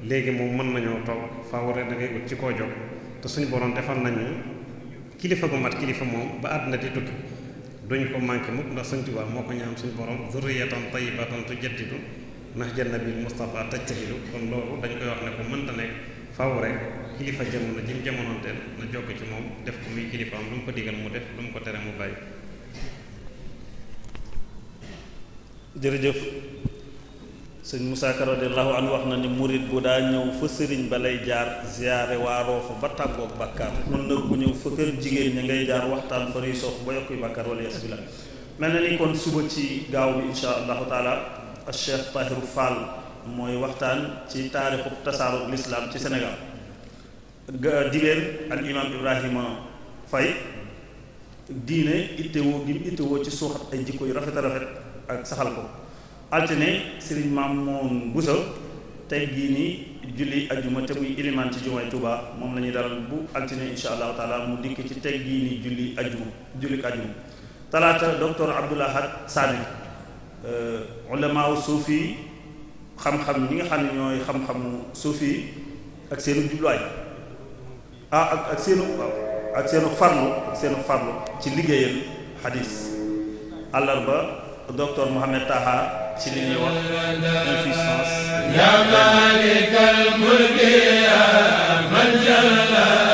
léegi moom mën nañoo toog faaw rek ut ci koo jóg te suñu borom defal nañu kilifa gu mat kilifa moom ba àdduna di tukki duñ ko manqué mukk ndax Sëñ Tuubaa moo ko ñaam suñu borom zurriyatan tayyibatan tujaddidu nahja nabil Mustafa tajtahidu kon loolu dañ koy wax ne ko mënta nekk faaw rek kilifa jamono jëm jamononteel na jokk ci moom def ko muy kilifaam lu ko digal mu def lu mu ko tere mu bàyyi. jërëjëf sëñ Moussa Ka radiyallahu wax na ni murit bu daa ñëw fa sëriñ ba lay jaar ziyaare waaroo fa ba tàggoog bàkkaar mën na ku ñëw fa kër jigéen ñi ngay jaar waxtaan fa soof ba yokkuy bàkkaar wala yas bi la mel na ni kon suba ci gaaw bi insha allahu taala al Cheikh Tahirou Fall mooy waxtaan ci taarixu tasaaru lislaam ci Sénégal dibéer al imaam Ibrahima Faye diine ittewoo gi mu ittewoo ci suuxat ay jikko yu rafet rafet ak saxal ko altine sëriñ Mamoun Bousso tey jii nii julli ajjuma te muy ilimaan ci jumaay Touba moom lañuy ñuy dalal bu altine insha allahu taala mu dikk ci tey jii nii julli ajjuma jullik ajjuma talaata docteur Abdoul Ahad Sané euh, suufi xam-xam ñi nga xam ne ñooy xam-xamu suufi ak seenu jubluwaay ah ak seenu ak seenu farlu ak seenu farlu ci liggéeyal xadis àllarba docteur Mohamed Taha ci li ñuy wax insuffisance